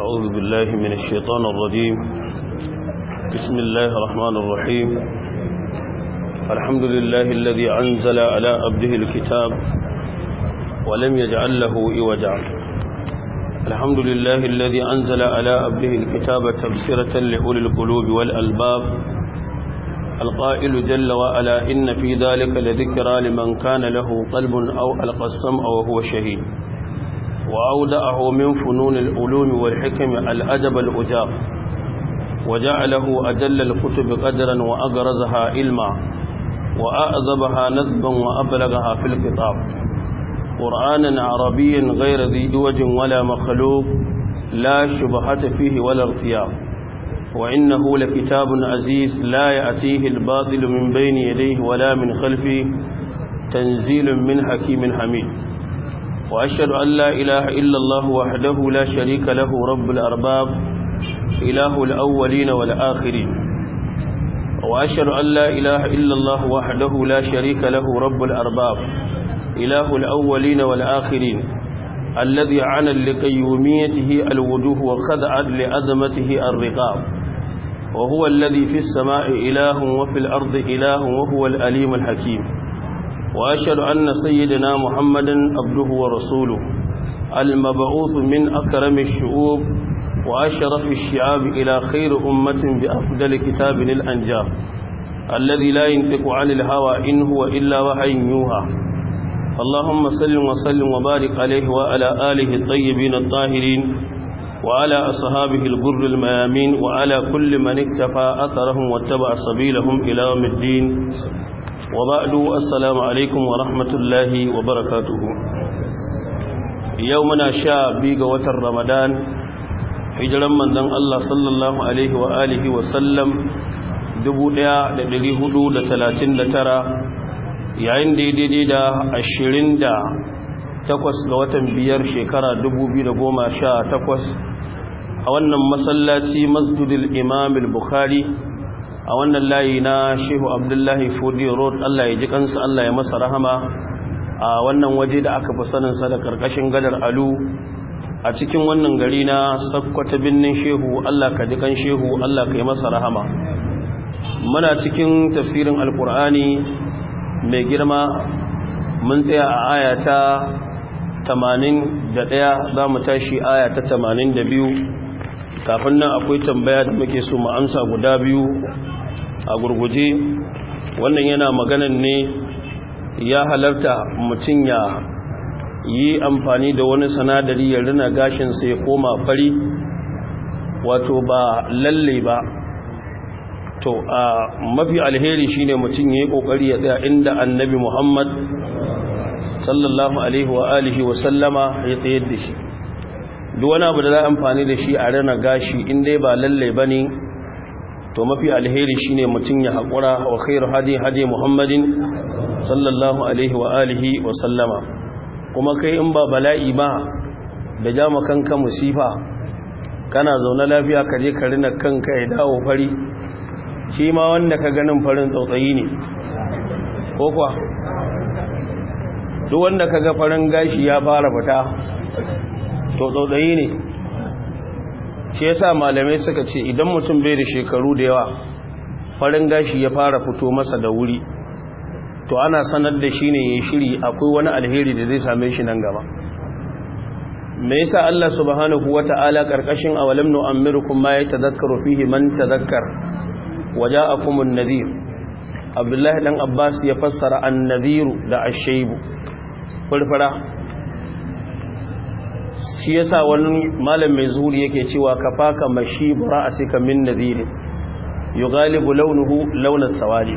أعوذ بالله من الشيطان الرجيم بسم الله الرحمن الرحيم الحمد لله الذي أنزل على أبده الكتاب ولم يجعل له إوجع الحمد لله الذي أنزل على أبده الكتاب تبصرة لأولي القلوب والألباب القائل جل وعلا إن في ذلك لذكرى لمن كان له قلب أو ألقى السمع وهو شهيد وأودعه من فنون الألوم والحكم الأدب الأجاب وجعله أجل الكتب قدرا وأغرزها علما وأعذبها نذبا وأبلغها في الكتاب قرآنا عربيا غير ذي دوج ولا مخلوق لا شبهة فيه ولا اغتياب وإنه لكتاب عزيز لا يأتيه الباطل من بين يديه ولا من خلفه تنزيل من حكيم حميد وأشهد أن لا إله إلا الله وحده لا شريك له رب الأرباب إله الأولين والآخرين وأشهد أن لا إله إلا الله وحده لا شريك له رب الأرباب إله الأولين والآخرين الذي عانى لقيوميته الوجوه وخدع لأزمته الرقاب وهو الذي في السماء إله وفي الأرض إله وهو الأليم الحكيم وأشهد أن سيدنا محمدا عبده ورسوله المبعوث من أكرم الشعوب وأشرف الشعاب إلى خير أمة بأفضل كتاب الأنجاب الذي لا ينطق عن الهوى إن هو إلا وحي يوحى اللهم صل وسلم وبارك عليه وعلى آله الطيبين الطاهرين وعلى أصحابه الغر الميامين وعلى كل من اكتفى أثرهم واتبع سبيلهم إلى يوم الدين وبعد السلام عليكم ورحمة الله وبركاته يومنا شاء بيغ وتر رمضان hijiran manzon Allah sallallahu alaihi wa alihi wa sallam 1439 yayin daidai da 28 ga watan biyar shekara 2018 a wannan masallaci masjidil imam al-bukhari a wannan layi na shehu abdullahi fudi road allah ya ji kansa allah ya masa rahama a wannan waje da aka fi saninsa da karkashin gadar alu a cikin wannan gari na sakkwata binnin shehu allah ka ji kan shehu allah ka yi masa rahama muna cikin tafsirin alkur'ani mai girma mun tsaya a ayata 81 za mu tashi aya ta 82 kafin nan akwai tambaya da muke so mu amsa guda biyu a gurguje wannan yana maganan ne ya halarta mutum ya yi amfani da wani sanadari ya rina gashin ya koma fari wato ba lalle ba to a mafi alheri shine mutum yi kokari ya tsaya inda annabi Muhammad sallallahu alaihi wa alihi wa sallama ya tsayar da shi duk wani abu da za amfani da shi a rana gashi in dai ba lalle ba ne to mafi alheri shine mutum ya haƙura wa khairu hadi hadi muhammadin sallallahu alaihi wa alihi wa sallama kuma kai in ba bala'i ba da ja kanka musifa kana zaune lafiya ka je ka rina kanka ya dawo fari shi ma wanda ka ganin farin tsautsayi ne ko kuwa duk wanda ka ga farin gashi ya fara fita to tsautsayi ne shi sa malamai suka ce idan mutum bai da shekaru da yawa farin gashi ya fara fito masa da wuri to ana sanar da shi ne ya shiri akwai wani alheri da zai same shi nan gaba me yasa Allah subhanahu wata'ala karkashin awalam rufi ma yatadhakkaru fihi man tadhakkar waja'akumun nadhir Abdullahi dan Abbas ya fassara an-nadhiru da ash-shaybu furfura shi yasa wani malam mai zuri yake cewa kafaka a sika min yi galibu launuhu launar sawari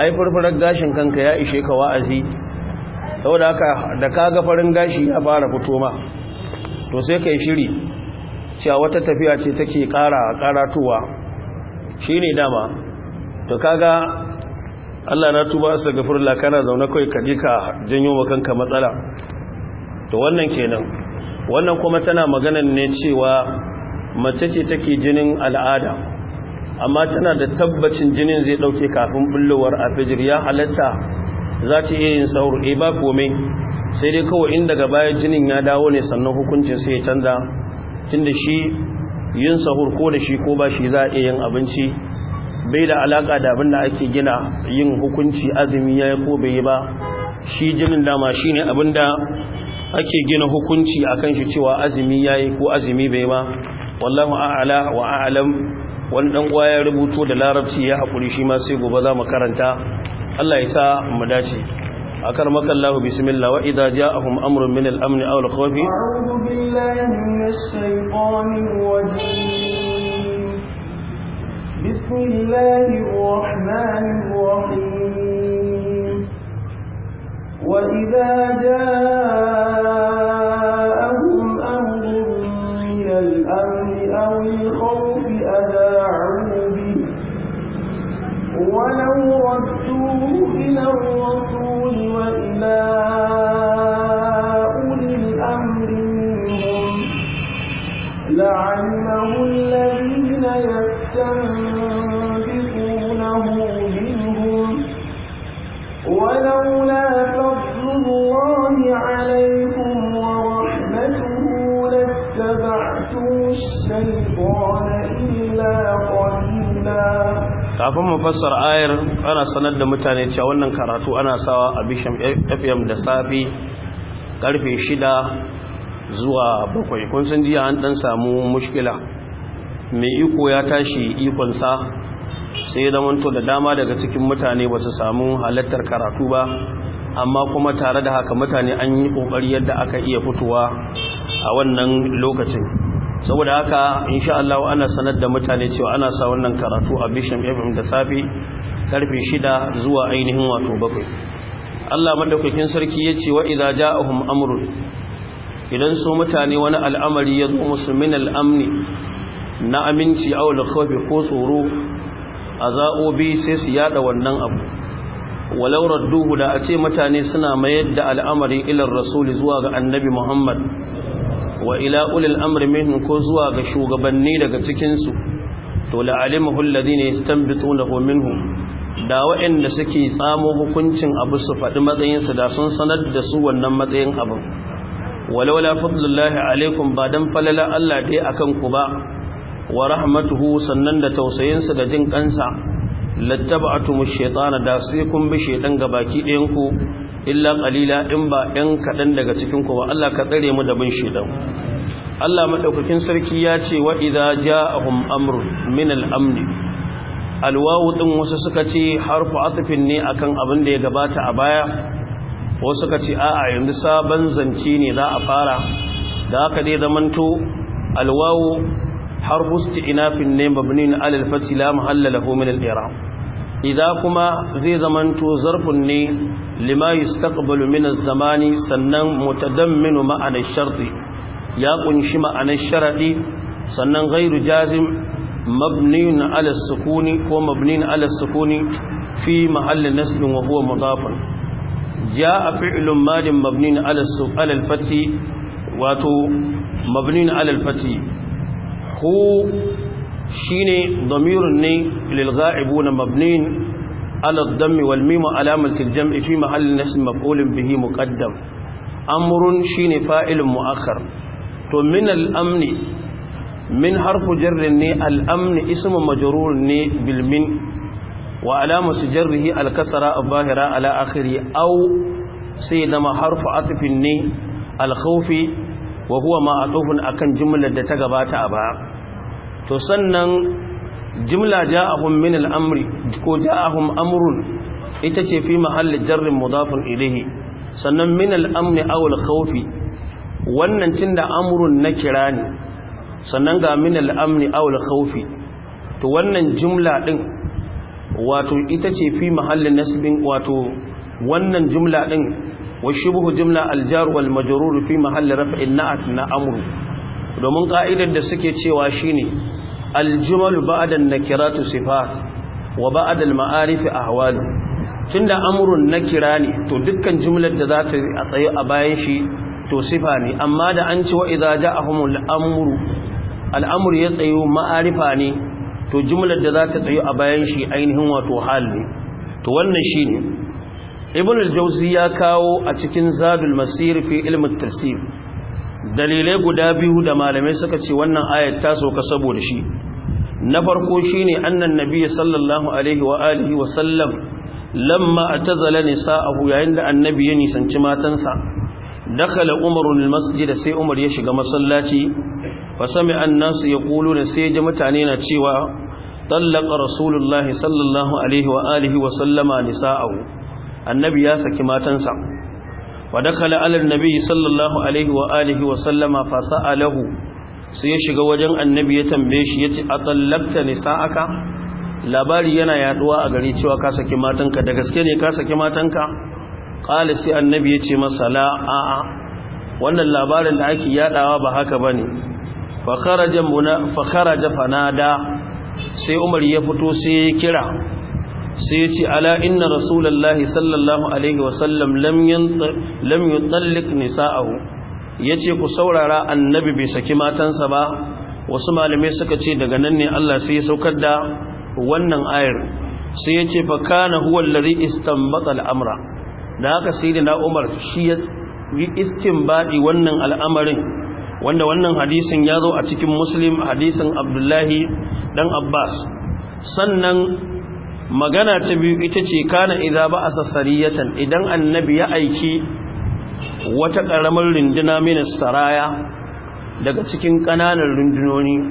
ai furfurar gashin kanka ya ishe ka wa'azi Sau da haka da kaga farin gashi ya fara fito ma to sai kai shiri cewa wata tafiya ce take ƙara karatuwa ne dama to kaga Allah na tuba sa gafurla kana zaune kai ka ji ka janyo kanka matsala to wannan kenan wannan kuma tana magana ne cewa mace ce take jinin al'ada amma tana da tabbacin jinin zai dauke kafin bullowar afijir ya halatta za ta iya yin saur e eh, ba komai sai dai kawai in daga baya jinin ya dawo ne sannan hukuncin sai ya canza tunda shi yin sahur ko da shi ko ba shi za a iya yin abinci bai da alaka da abin da ake gina yin hukunci azumi ya ko bai yi ba shi jinin dama ne abin da ake gina hukunci kan shi cewa azumi yayi ko azumi bai ba wallahu a'ala wa wani dan uwa ya rubuto da larabci ya hakuri shi ma sai gobe za mu karanta Allah ya sa mu dace أكرمك الله بسم الله وإذا جاءهم أمر من الأمن أو الخوف أعوذ بالله من وإذا جاءهم أمر من الأمن أو الخوف أذاعوا به ولو ردوه إلى الرسول kafin mu ayar ana sanar da mutane cewa wannan karatu ana sawa a bisham fm da safi karfe shida zuwa bakwai kun san jiya an dan samu mushkila mai iko ya tashi sa? sai ya zamanto da dama daga cikin mutane ba su samu halattar karatu ba amma kuma tare da haka mutane an yi kokari yadda aka iya fitowa a wannan lokacin saboda haka insha Allah ana sanar da mutane cewa ana sa wannan karatu a Bisham FM da safi karfe 6 zuwa ainihin wato bakwai. Allah madaukakin sarki yace wa idza ja'ahum amrun idan su mutane wani al'amari ya zo musu min al'amni na aminci aw al-khawfi ko tsoro azaobi sai su yada wannan abu walau radduhu da a ce mutane suna mayar da al'amari ilar rasuli zuwa ga annabi Muhammad wa ila ulil amri minhum ko zuwa ga shugabanni daga cikin su to la'alimahu alladhina yastanbitunahu minhum da waɗanda suke tsamo hukuncin abu su faɗi matsayin su da sun sanar da su wannan matsayin abin walawala fadlullahi alaikum ba dan falala Allah dai akan ku ba wa rahmatuhu sannan da tausayin sa da jin kansa lattaba'tumush shaytana da sai kun bi shaytan ga baki ɗayan ku illa qalila in ba ɗan kaɗan daga cikin ku ba Allah ka tsare mu da bin shedan Allah madaukakin sarki ya ce wa idza ja'ahum amrun min al-amn alwawu din wasu suka ce harfu atfin ne akan abin da ya gabata a baya wasu suka ce a'a yanzu sabon zance ne za a fara da haka dai zamanto alwawu harfu isti'nafin ne mabni ala al-fath la min al-i'rab idza kuma zai zamanto zarfun ne lima yastaqbalu min az-zamani sannan mutadamminu ma'anar sharti ya kunshi ma'anar sharadi sannan ghairu jazim mabniun ala sukuni ko mabniun ala sukuni fi mahalli nasbin wa huwa mudafun jaa fi'lun madin mabniun ala su'al al-fati wato mabniun ala al-fati hu shine damirun ne lil ghaibuna mabnin ala ad-dammi wal mim alamati al-jam'i fi mahalli nasb maf'ulin bihi muqaddam amrun shine fa'ilun mu'akhkhar to min al min harfu jarr ne al-amn ismu ne bilmin, wa alamatu jarrihi al-kasra al ala akhiri sai zama harfu atfin ne al wa huwa ma'atufun akan jumlar da ta gabata a baya to sannan jimla ja'ahum min al-amri ko ja'ahum amurun ita ce fi mahalli jarrin mudafin ilayhi sannan min al-amni aw al-khawf wannan tunda amrun na kira ne sannan ga min al-amni aw al to wannan jumla din wato ita ce fi mahallin nasibin wato wannan jumla din wa shibhu jumla al-jar fi mahalli raf'in na'at na amru domin ka'idar da suke cewa shine aljumalu ba'da nakiratu sifat wa ba'da alma'arif ahwalu tunda amrun nakira ne to dukkan jumlar da za ta a tsaye a bayan shi to sifa ne amma da an ci wa idza ja'ahumul amru al'amur ya tsayo ma'arifa ne to jumlar da za ta tsayo a bayan shi ainihin wato hal ne to wannan shi ne ibn al-jauzi ya kawo a cikin zadul masir fi ilmin tafsir dalilai guda biyu da malamai suka ce wannan ayat ta sauka saboda shi na farko shine annan nabi sallallahu alaihi wa alihi wa sallam lamma atazala nisa'ahu yayin da annabi ya nisanci matansa dakala umarun masjid sai umar ya shiga masallaci fa sami'a ya nasu yaquluna sai ji mutane na cewa tallaqa rasulullahi sallallahu alaihi wa alihi wa sallama nisa'ahu annabi ya saki matansa ودخل على النبي صلى الله عليه وآله وسلم فسأله سيشغ وجن النبي a يتي أطلقت نساءك labari yana yaduwa a gari cewa ka saki matanka da gaske ne ka saki matanka qala sai annabi yace masa la a a wannan labarin da ake yadawa ba haka bane fa kharaja fa kharaja fanada sai umar ya fito sai ya kira sai ya ce ala inna rasulullahi sallallahu alaihi wasallam lam yutallik nisa'ahu yace ku saurara annabi bai saki matansa ba wasu malamai suka ce daga nan ne Allah sai ya saukar da wannan ayar sai yace ce fa kana huwa allazi istanbata al'amra da haka sayyidina Umar shi ya istinbadi wannan al'amarin wanda wannan hadisin ya zo a cikin muslim hadisin abdullahi dan abbas sannan magana ta biyu ita ce kana idza ba asasariyatan idan annabi ya aiki wata karamar runduna mini saraya daga cikin kananan rundunoni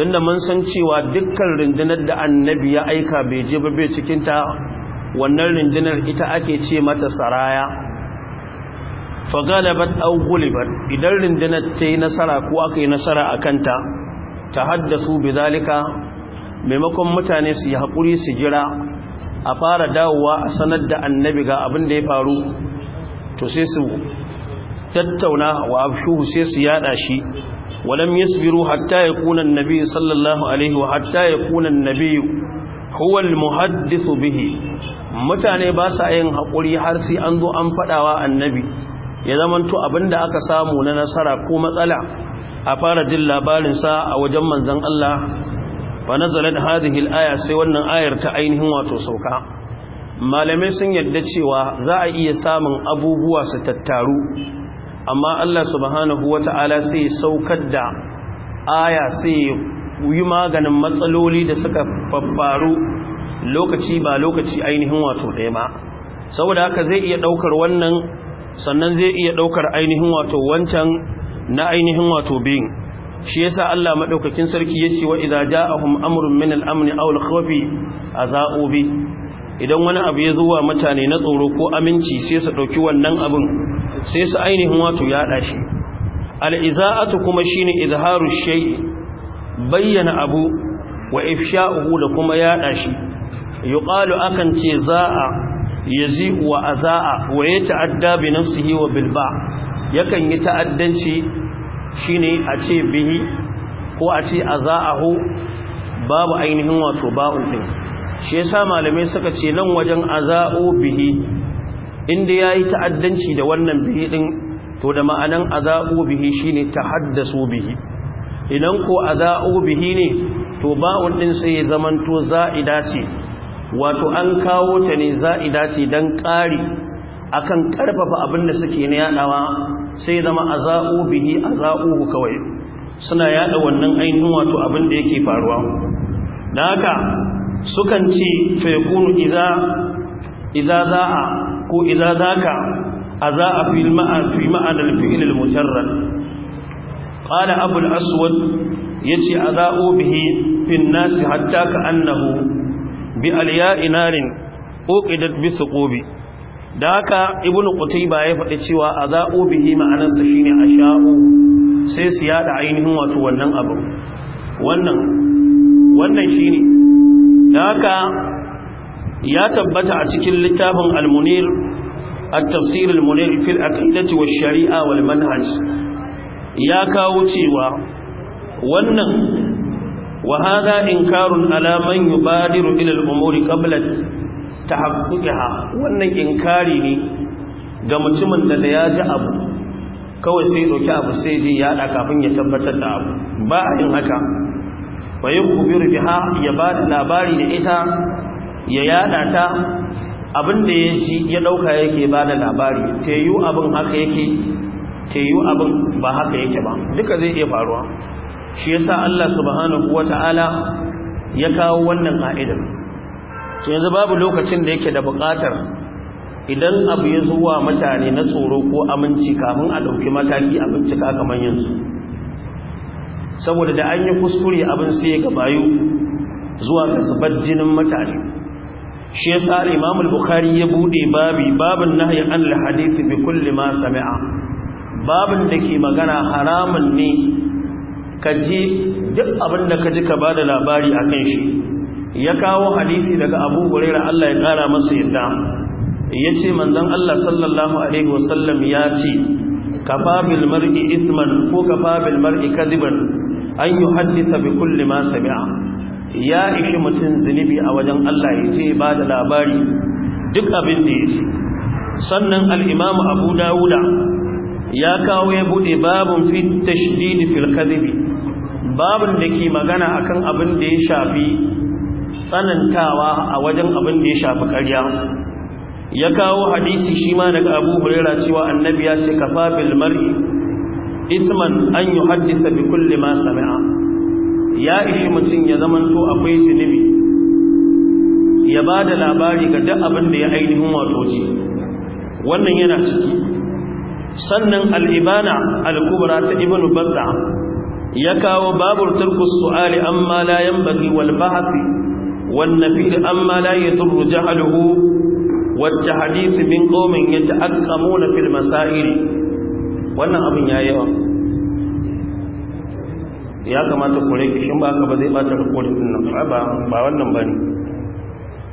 tunda mun san cewa dukkan rundunar da annabi ya aika bai je ba bai cikin wannan rundunar ita ake ce mata saraya idan rundunar أو nasara ko aka yi nasara a kanta ta bi zalika maimakon mutane su yi haƙuri su jira a fara dawowa a sanar da annabi ga abin da ya faru to sai su tattauna wa abshuhu sai su yada shi walam yasbiru hatta yakuna annabi sallallahu alaihi wa hatta yakuna annabi huwa almuhaddith bihi mutane ba sa yin haƙuri har sai an zo an fadawa annabi ya zamanto abinda aka samu na nasara ko matsala a fara jin labarin sa a wajen manzon Allah fa nazalat hadhihi al-aya sai wannan ayar ta ainihin wato sauka malamai sun yadda cewa za a iya samun abubuwa su tattaru amma Allah subhanahu wata'ala sai saukar da aya sai yi maganin matsaloli da suka faru lokaci ba lokaci ainihin wato ɗaya ba saboda haka zai iya ɗaukar wannan sannan zai iya ɗaukar ainihin wato wancan na ainihin wato biyu shi yasa Allah madaukakin sarki yace wa idza ja'ahum amrun min al-amn aw al-khawfi aza'u bi idan wani abu ya zuwa mutane na tsoro ko aminci sai su dauki wannan abin sai su ainihin wato yada shi al-iza'atu kuma shine izharu shay bayyana abu wa ifsha'uhu da kuma yada shi yuqalu akan ce za'a yazi wa aza'a wa yata'adda bi nafsihi wa bil ba' yakan yi ta'addanci Shi ne a ce bihi ko a ce a ho babu ainihin wato ba'un ɗin shi sa malamai suka ce nan wajen azaa'u bihi inda ya yi ta'addanci da wannan bihi ɗin to da ma'anan azaa'u bihi shi ne ta tahaddasu bihi idan ko azaa'u bihi ne to ba'un ɗin sai ya zamanto za'ida ce wato an kawo ta ne za'ida ce don ƙari akan ƙarfafa abin da suke na ɗawa. sai zama a za'u bihi a za'uhu kawai suna yada wannan ainihin wato abin da yake faruwa da haka sukan ce fekunu iza za'a ko iza zaka a za'a fi ma'anar fi'ilil mujarrad ƙada abul aswad ya ce a za'u bihi fin nasi hatta ka annahu bi aliya inarin ƙoƙidar bisu ƙobi da haka ibn qutayba ya faɗi cewa azau bihi ma'anarsa shine asha'u sai su yada ainihin wato wannan abu wannan wannan shine da haka ya tabbata a cikin littafin al-munir at-tafsir al-munir fil aqidati wash shari'a wal manhaj ya kawo cewa wannan wa hadha inkarun ala man yubadiru ila al-umuri qabla tahaqquqiha wannan inkari ne ga mutumin da ya ji abu kawai sai doki abu sai ji ya da kafin ya tabbatar da abu ba a yin haka wayin kubiru biha ya ba da labari da ita ya yada ta abinda da ya ji ya dauka yake ba da labari ta yi abin haka yake ta yi abin ba haka yake ba duka zai iya faruwa shi yasa Allah subhanahu wata'ala ya kawo wannan ka'idar ke yanzu babu lokacin da yake da buƙatar idan abu ya zuwa mutane na tsoro ko aminci kafin a ɗauki mataki a bincika kamar yanzu saboda da an yi kuskure abin sai ga bayu zuwa ga zubar jinin mutane shi ya Imam al-Bukhari ya buɗe babi babin yi an al bi kulli ma sami'a babin da ke magana haramun ne ka ji duk abin da ka ji ka ba da labari akan shi ya kawo hadisi daga abu huraira Allah ya kara masa yadda ya ce manzon Allah sallallahu alaihi wasallam ya ce ka mar'i isman ko ka bil mar'i kaziban an yi Haddisa bi kulle ma sami'a ya ishi mutum zunubi a wajen Allah ya ce ba da labari duk abin da ya ce sannan Al'imamu Abu Dawuda ya kawo ya bude babin fi tashdid fil kazibi babin da ke magana akan abin da ya shafi tsanantawa a wajen abin da ya shafi ƙarya ya kawo hadisi shi ma daga abu hulera cewa annabi ya ce kafa bil mar'i isman an haddisa bi kulle ma sami'a ya ishi mutum ya zamanto akwai zunubi ya ba da labari ga duk abin da ya ainihin wato wannan yana ciki sannan al-ibana ta Ibn bazza ya kawo babur turkus su'ali amma la yanbaghi wal hafi. والنفي أما لا يضر جهله والتحديث من قوم يتأقمون في المسائل wannan abin ya yawa ya kamata kore kishin ba aka ba zai bata rikodin din nan ba wannan ba ne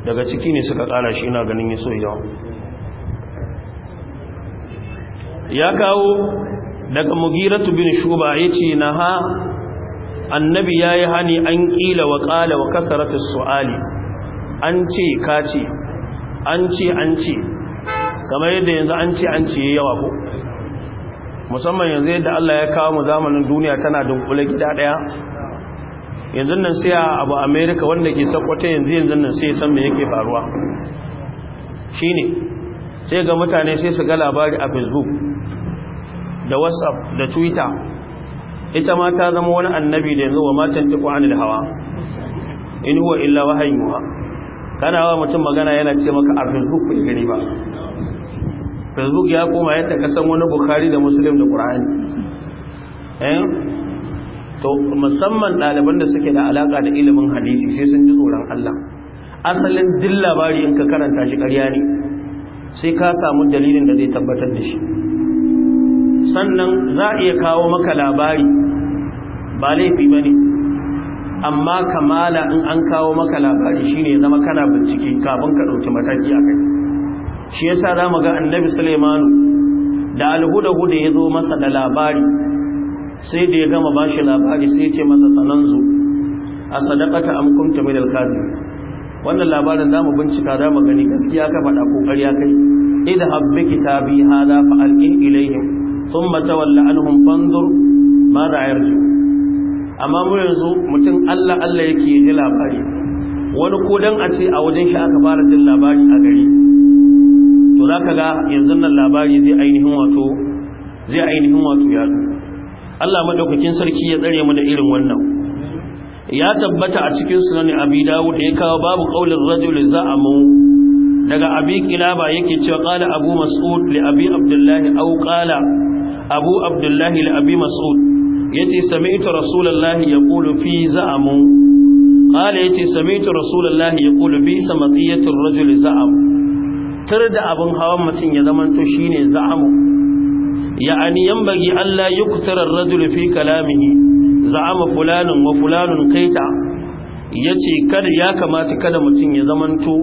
daga ciki ne suka kara shi yana ganin ya so yawa ya kawo daga mugiratu bin shuba ya ce na ha annabi ya yi hani an ƙila wa ƙala wa kasarafis su'ali an ce ka ce an ce an ce kamar yadda yanzu an ce an ce yawa ko musamman yanzu yadda Allah ya kawo mu zamanin duniya tana dunkule gida daya yanzu nan sai a abu America wanda ke sakwata yanzu yanzu nan sai san me yake faruwa shine sai ga mutane sai su ga labari a Facebook da WhatsApp da Twitter ita ma ta zama wani annabi da yanzu wa matan tiku anil hawa in huwa illa wahayin kana wa mutum magana yana ce maka a facebook bai gani ba facebook ya koma yadda ka san wani bukhari da muslim da qur'ani eh to musamman daliban da suke da alaka da ilimin hadisi sai sun ji tsoron Allah asalin duk labari in ka karanta shi ƙarya ne sai ka samu dalilin da zai tabbatar da shi sannan za a iya kawo maka labari ba laifi ba ne amma kamala in an kawo maka labari shine zama kana bincike kafin ka ɗauki mataki a kai shi yasa za mu ga annabi suleimanu da alhuda-huda ya zo masa da labari sai da ya gama ba shi labari sai ce masa sanan zo a sadakata amkunta mai dalkazi wannan labarin za mu bincika za mu gani gaskiya ka faɗa ƙoƙari ya kai idan habbi kitabi hada fa'alƙin ilayhim thumma tawalla anhum fanzur ma da amma mu yanzu mutum Allah Allah yake ji labari wani ko dan a ce a wajen shi aka fara jin labari a gari to ka ga yanzu nan labari zai ainihin wato zai ainihin wato yadu Allah madaukakin sarki ya tsare mu da irin wannan ya tabbata a cikin sunan abi dawud da ya kawo babu qaulin rajul za'amu daga abi kilaba yake cewa qala abu mas'ud li abi abdullah au qala abu abdullahi al'abi mas'ud ya ce sami ita rasulallah ya ƙulu fi za'amu ƙala ya ce sami ita rasulallah ya ƙulu fi samatsiyyatun rajul za'amu tar da abin hawan mutum ya zamanto shi ne za'amu ya'ani yan bagi allah yi kusurar rajul fi kalamihi za'ama fulanin wa fulanin kaita ya ce kada ya kamata kada mutum ya zamanto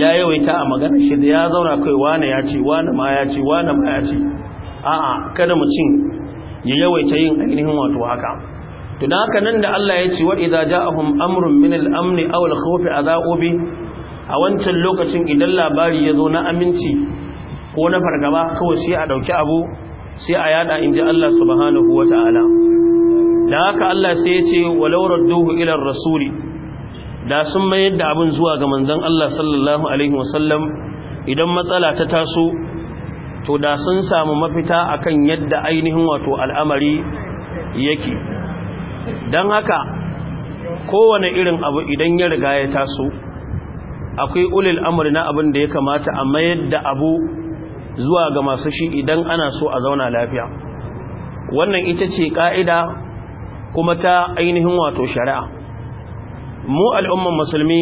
ya yawaita a magana shi da ya zauna kai wane ya ce wane ma ya ce wane ma ya ce a'a kada mutum ya yawaita yin ainihin wato haka to dan haka nan da Allah ya ce wa idza ja'ahum amrun min al-amn aw al-khawf adha'u bi a wancan lokacin idan labari ya zo na aminci ko na fargaba kawai sai a dauki abu sai a yada inji Allah subhanahu wata'ala da haka Allah sai ya ce walau radduhu ila ar-rasuli da sun mayar da abin zuwa ga manzon Allah sallallahu alaihi wasallam idan matsala ta taso to da sun samu mafita akan yadda ainihin wato al'amari yake don haka kowane irin abu idan ya riga ya taso akwai ulil amri na abin da ya kamata a mayar da abu zuwa ga masu shi idan ana so a zauna lafiya wannan ita ce ka'ida kuma ta ainihin wato shari'a mu al'umman musulmi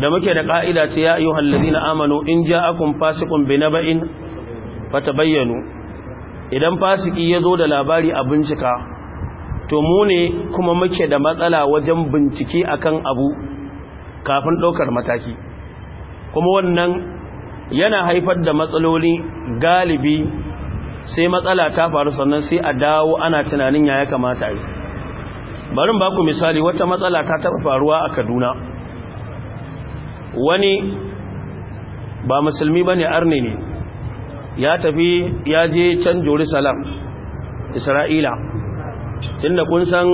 da muke da ka'ida ta ya ayyuhal ladina amanu in ja'akum fasiqun binaba'in fata bayyano idan fasiki ya zo da labari a bincika to mu ne kuma muke da matsala wajen bincike akan abu kafin ɗaukar mataki kuma wannan yana haifar da matsaloli galibi sai matsala ta faru sannan sai a dawo ana tunanin ya kamata yi barin baku misali wata matsala ta taɓa faruwa a kaduna wani ba musulmi ba ne arne ne ya tafi ya je can jerusalem isra'ila tunda kun san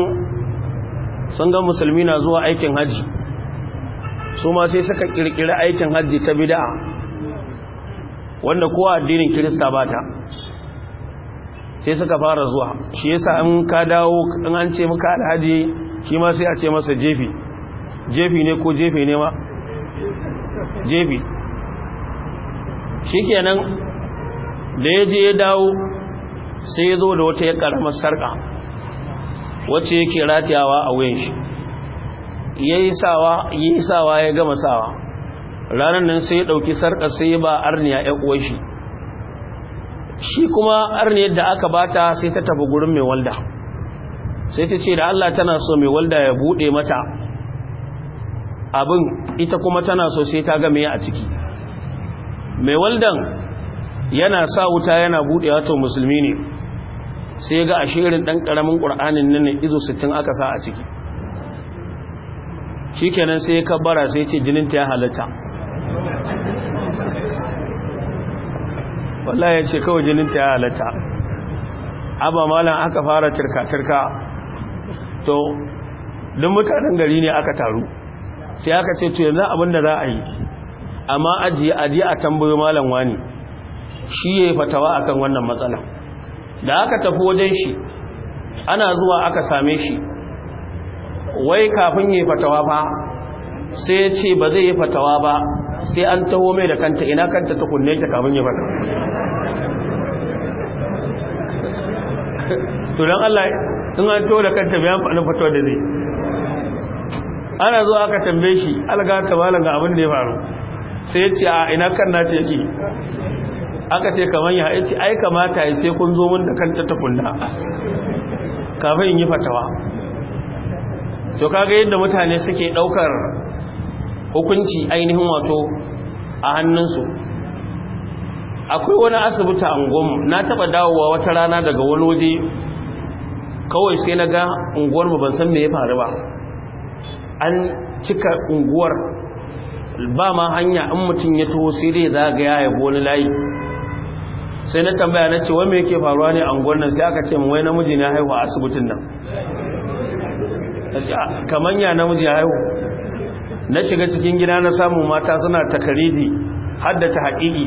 sun ga musulmi na zuwa aikin hajji su ma sai suka kirkiri aikin hajji ta bida wanda kowa addinin kirista ba ta sai suka fara zuwa shi yasa in ka dawo in an ce muka alhaji shi ma sai a ce masa jefi jefi ne ko jefi ne ma jefi shi kenan da ya je ya dawo sai ya zo da wata ya karamar sarka wacce yake ratayawa a wuyan shi ya yi sawa ya yi sawa ya gama sawa ranar nan sai ya ɗauki sarƙa sai ya ba arniya ya uwan shi shi kuma arniyar da aka bata sai ta tafi gurin mai walda sai ta ce da Allah tana so mai walda ya buɗe mata abin ita kuma tana so sai ta game a ciki mai waldan yana sa wuta yana bude wato musulmi ne sai ga ashirin ɗan ƙaramin ƙur'anin nan ne izo 60 aka sa a ciki shikenan sai ya kabbara sai ce jinin ta ya halatta wallahi ya ce kawai jinin ta ya halatta abba malam aka fara cirka-cirka to duk mutanen gari ne aka taru sai aka ce to yanzu abinda za a yi amma ajiye ajiye a tambayo malam wani shi ya yi fatawa akan wannan matsala da aka tafi wajen shi ana zuwa aka same shi wai kafin yi fatawa ba sai ya ce ba zai yi fatawa ba sai an taho mai da kanta ina kanta ta kunne ta kafin yi fatawa turan Allah in an taho da kanta bayan faɗin fatawa da zai ana zuwa aka tambaye shi alga ta malam ga abin da ya faru sai ya ce a ina kan na ce yake aka ce kamar ya ce ai kamata ya sai kun zo mun da kanta kunna kafin in yi fatawa to kaga yadda mutane suke daukar hukunci ainihin wato a hannunsu akwai wani asibiti a unguwarmu na taba dawowa wata rana daga wani waje kawai sai na ga unguwarmu ban san me ya faru ba an cika unguwar ba ma hanya in mutum ya taho sai dai za ga ya wani layi sai na tambaya na ce wani yake faruwa ne a gwannan sai aka ce wai namiji ne haihu a asibitin nan ah, kamar ya namiji ya haihu na shiga cikin gida na samu mata suna takaridi haddata haƙiƙi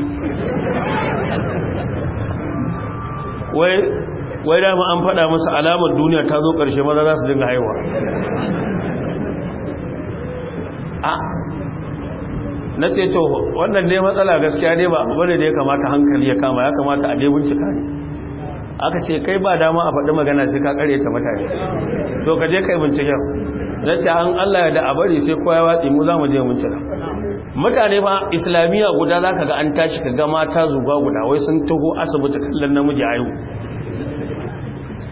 wai dama an faɗa masa alamar duniya ta zo ƙarshe maza za su dinga haihuwa ah, na ce to wannan ne matsala gaskiya ne ba wanda da ya kamata hankali ya kama ya kamata a debun cika ne aka ce kai ba dama a faɗi magana sai ka ƙare ta mutane to ka je kai binciken na ce an Allah ya da a bari sai kowa ya watsi mu za mu je mun cika mutane ba islamiyya guda za ka ga an tashi ka ga mata zuba guda wai sun taho asibiti kallon namiji ayu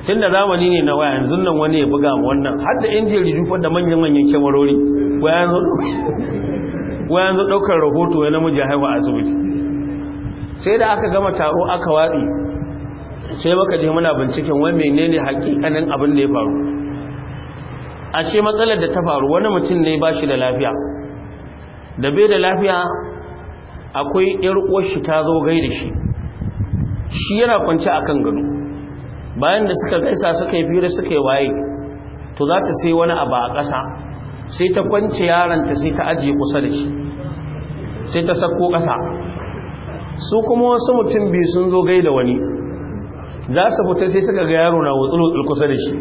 tun da zamani ne na waya yanzu nan wani ya buga wannan har da injin rijufar da manyan manyan kyamarori bayan ko yanzu zo ɗaukar rahoto ya namiji ya haihu a asibiti sai da aka gama taro aka watsi sai baka je muna binciken wai menene hakikanin abin da ya faru ashe matsalar da ta faru wani mutum ne ba shi da lafiya da bai da lafiya akwai yar shi ta zo gai da shi shi yana kwance akan gado bayan da suka gaisa suka yi fira suka yi waye to za ta sai wani abu a ƙasa sai ta kwance yaranta sai ta ajiye kusa da shi sai ta sako kasa. su kuma wasu mutum biyu sun zo gaida wani za su fita sai suka ga yaro na wutsulutsul kusa da shi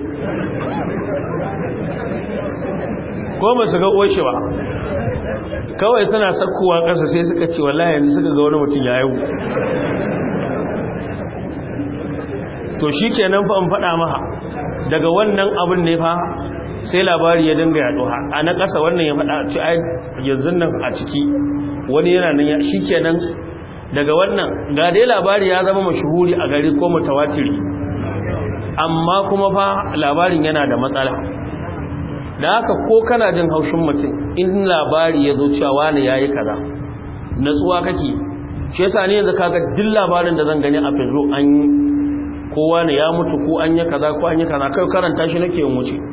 ko ba su ga uwashi ba kawai suna sakowa kasa sai suka ce wallahi yanzu suka ga wani mutum ya haihu to shi kenan fa in faɗa maha daga wannan abin ne fa sai labari ya dinga yaduwa a na ƙasa wannan ya faɗa ci ai yanzu nan a ciki wani yana nan ya shikenan daga wannan ga dai labari ya zama mashuhuri a gari ko mutawatiri amma kuma fa labarin yana da matsala da haka ko kana jin haushin mutum in labari ya zo cewa wani yayi kaza natsuwa kake shi yasa ne yanzu kaga duk labarin da zan gani a Facebook an kowa ne ya mutu ko an yi kaza ko an yi kaza kai karanta shi nake yin wuce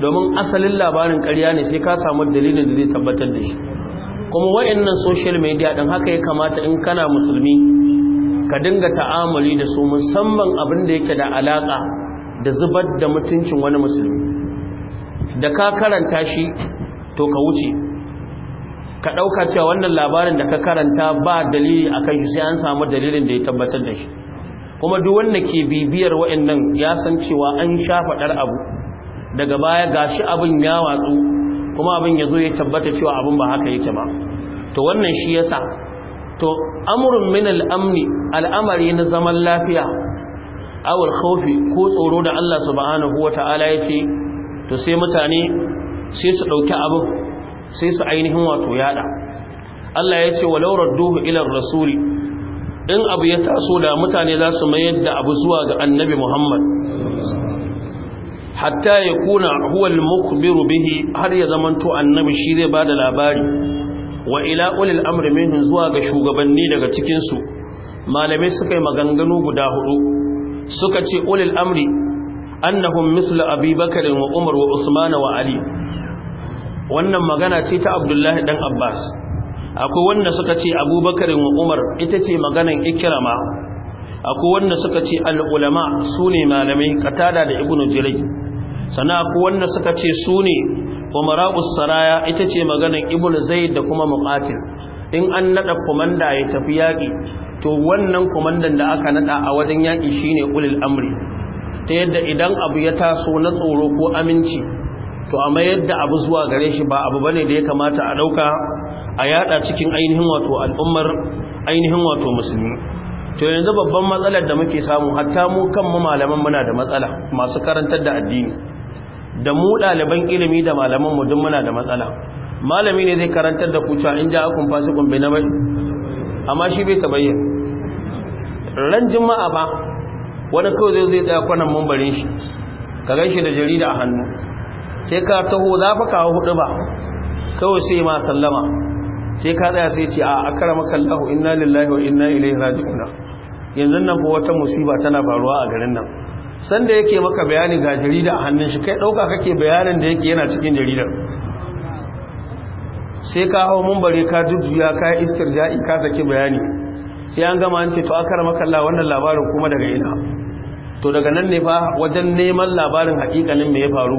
domin asalin labarin karya ne sai ka samu dalilin da zai tabbatar da shi kuma wayannan social media din haka ya kamata in kana musulmi ka dinga ta'amuli da su musamman abin da yake da alaƙa da zubar da mutuncin wani musulmi da ka karanta shi to ka wuce ka ɗauka cewa wannan labarin da ka karanta ba dalili akan shi sai an samu dalilin da ya tabbatar da shi kuma duk wanda ke bibiyar wayannan ya san cewa an shafa dar abu daga baya gashi abin ya watsu kuma abin ya zo ya tabbata cewa abin ba haka yake ba to wannan shi yasa to amrun min al'amari na zaman lafiya awal khaufi ko tsoro da Allah subhanahu wata'ala ya ce to sai mutane sai su dauki abin sai su ainihin wato yada Allah ya ce walau radduhu ila rasuli in abu ya taso da mutane za su mayar da abu zuwa ga annabi Muhammad hatta ya kuna huwal mukbiru bihi har ya zamanto annabi shi zai bada labari wa ila ulil amri minhum zuwa ga shugabanni daga cikin su malamai suka yi maganganu guda hudu suka ce ulil amri annahum mislu abi bakr wa umar wa usman wa ali wannan magana ce ta abdullahi dan abbas akwai wanda suka ce abubakar wa umar ita ce maganan ikrama aku wanda suka ce al-ulama sune malamai katada da ibnu Jirai. sana aku wanda suka ce sune umara saraya ita ce maganar ibnu zaid da kuma muqatil in an nada komanda ya tafi yaki to wannan komandan da aka nada a wajen yaki shine ulul amri ta yadda idan abu ya taso na tsoro ko aminci to amma yadda abu zuwa gare shi ba abu bane da ya kamata a ɗauka a yada cikin ainihin wato al'ummar ainihin wato musulmi to yanzu babban matsalar da muke samu hatta mu kanmu malaman muna da matsala masu karantar da addini da mu ɗaliban ilimi da malaman mu duk muna da matsala malami ne zai karantar da cewa in ja akun fasikun bai na bai amma shi bai tabayya ran juma'a ba wani kawai zai zai tsaya kwanan mambarin shi ka gaishe da jarida a hannu sai ka taho za fa kawo hudu ba kawai sai ma sallama sai ka tsaya sai ce a akramaka Allahu inna lillahi wa inna ilaihi raji'un yanzu nan ko wata musiba tana faruwa a garin nan sanda yake maka bayani ga jarida a hannun shi kai dauka kake bayanin da yake yana cikin jaridar sai ka hau bari ka kaya ka istirja'i ka saki bayani sai an gama an ce to akramaka Allah wannan labarin kuma daga ina to daga nan ne fa wajen neman labarin hakikalin me ya faru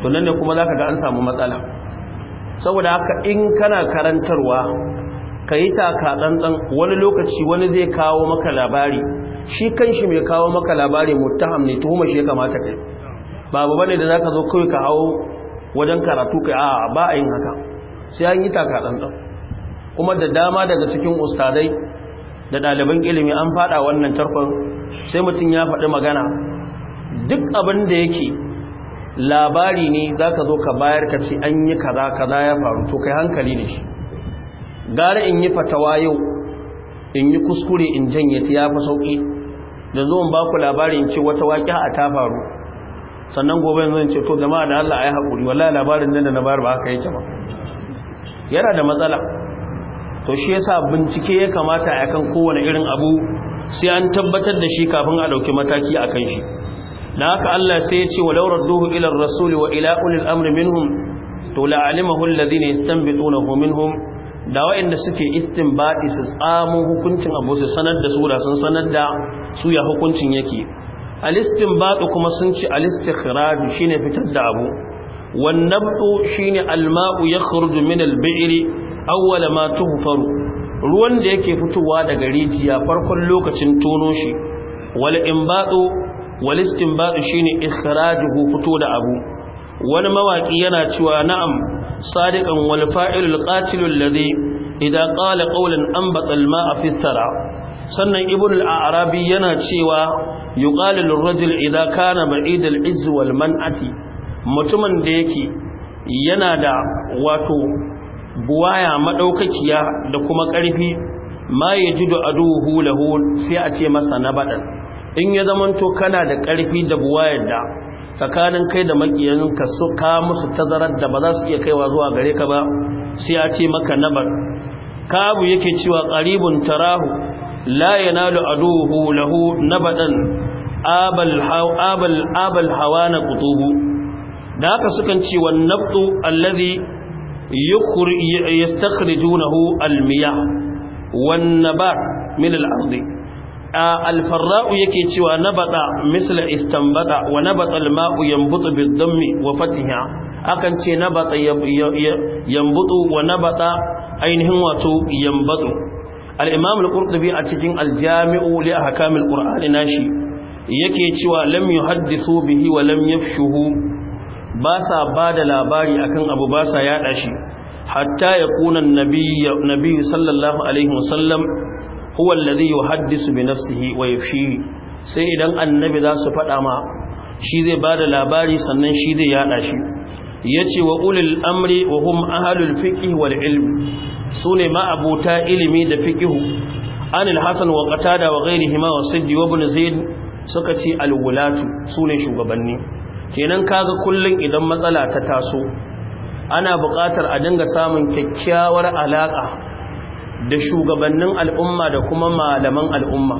to nan ne kuma zaka ga an samu matsala saboda haka in kana karantarwa ka yi taka ɗanɗan wani lokaci wani zai kawo maka labari shi kanshi mai kawo maka labari mutaham ne tuhumar shi ya kamata kai babu bane da za ka zo kawai ka hau wajen karatu kai a ba a yin haka sai an yi taka ɗanɗan kuma da dama daga cikin ustadai da ɗaliban ilimi an faɗa wannan tarkon sai mutum ya faɗi magana duk abin da yake labari ne za ka zo ka bayar ka ce an yi kaza kaza ya faru to kai hankali ne shi gara in yi fatawa yau in yi kuskure in janye ta ya fi sauƙi da zuwan ba ku labari in ce wata waƙi a ta faru sannan gobe yanzu in ce to jama'a da Allah a yi haƙuri wallahi labarin nan da na bayar ba haka yake ba yana da matsala to shi yasa bincike ya kamata a kan kowane irin abu sai an tabbatar da shi kafin a ɗauki mataki a kan shi da haka Allah sai ya ce wa Laurar duhu ar rasuli wa ila amri minhum to la'alimahu alladhina yastanbitunahu minhum da waɗanda suke baɗi su tsamo hukuncin abu su sanar da su da sun sanar da su ya hukuncin yake al baɗi kuma sun ci al shi shine fitar da abu wan nabtu shine al-ma'u yakhruju min al-bi'ri awwala ma tuhfaru ruwan da yake fitowa daga rijiya farkon lokacin tono shi wal inbadu Walistin istinbatu shine ikhrajuhu fito da abu wani mawaƙi yana cewa na'am sadiqan Wani fa'ilul qatilul ladhi idza qala qawlan anbata al ma'a fi sannan ibn al yana cewa yuqalu rajul idan kana ba'id al-izz man'ati mutumin da yake yana da wato buwaya madaukakiya da kuma ƙarfi ma a aduhu lahu sai a ce masa nabadan in ya zamanto kana da ƙarfi da buwa yadda tsakanin kai da makiyanka su ka musu tazarar da ba za su iya kaiwa zuwa gare ka ba sai a ce maka nabar kabu yake cewa qaribun tarahu la yanalu aduhu lahu nabadan abal abal abal hawana qutubu da haka sukan ce wan nabtu alladhi yastakhrijunahu almiyah wan nabat min al alfarra'u yake cewa na nabata misla istanbata wa nabata alma'u yanbutu bidhammi wa fatiha akan ce na nabata yanbutu wa na nabata ainihin wato yanbatu al-imam al a cikin aljami'u jamiu li ahkam al-qur'an nashi yake cewa lam haddisu bihi wa lam shuhu ba sa ba da labari akan abu ba sa yaɗa shi hatta yakuna an-nabiyyu sallallahu alaihi wasallam huwa alladhi yuhaddisu bi nafsihi wa yafshi sai idan annabi za su faɗa ma shi zai bada labari sannan shi zai yada shi yace wa ulul amri wa hum ahlul fiqh wal ilm sune ma ilimi da fikihu. an al-hasan wa qatada wa ghayrihima wa siddi wa ibn zaid suka ce al-wulatu sune shugabanni kenan kaga kullun idan matsala ta taso ana buƙatar a dinga samun kyakkyawar alaƙa da shugabannin al'umma da kuma malaman al'umma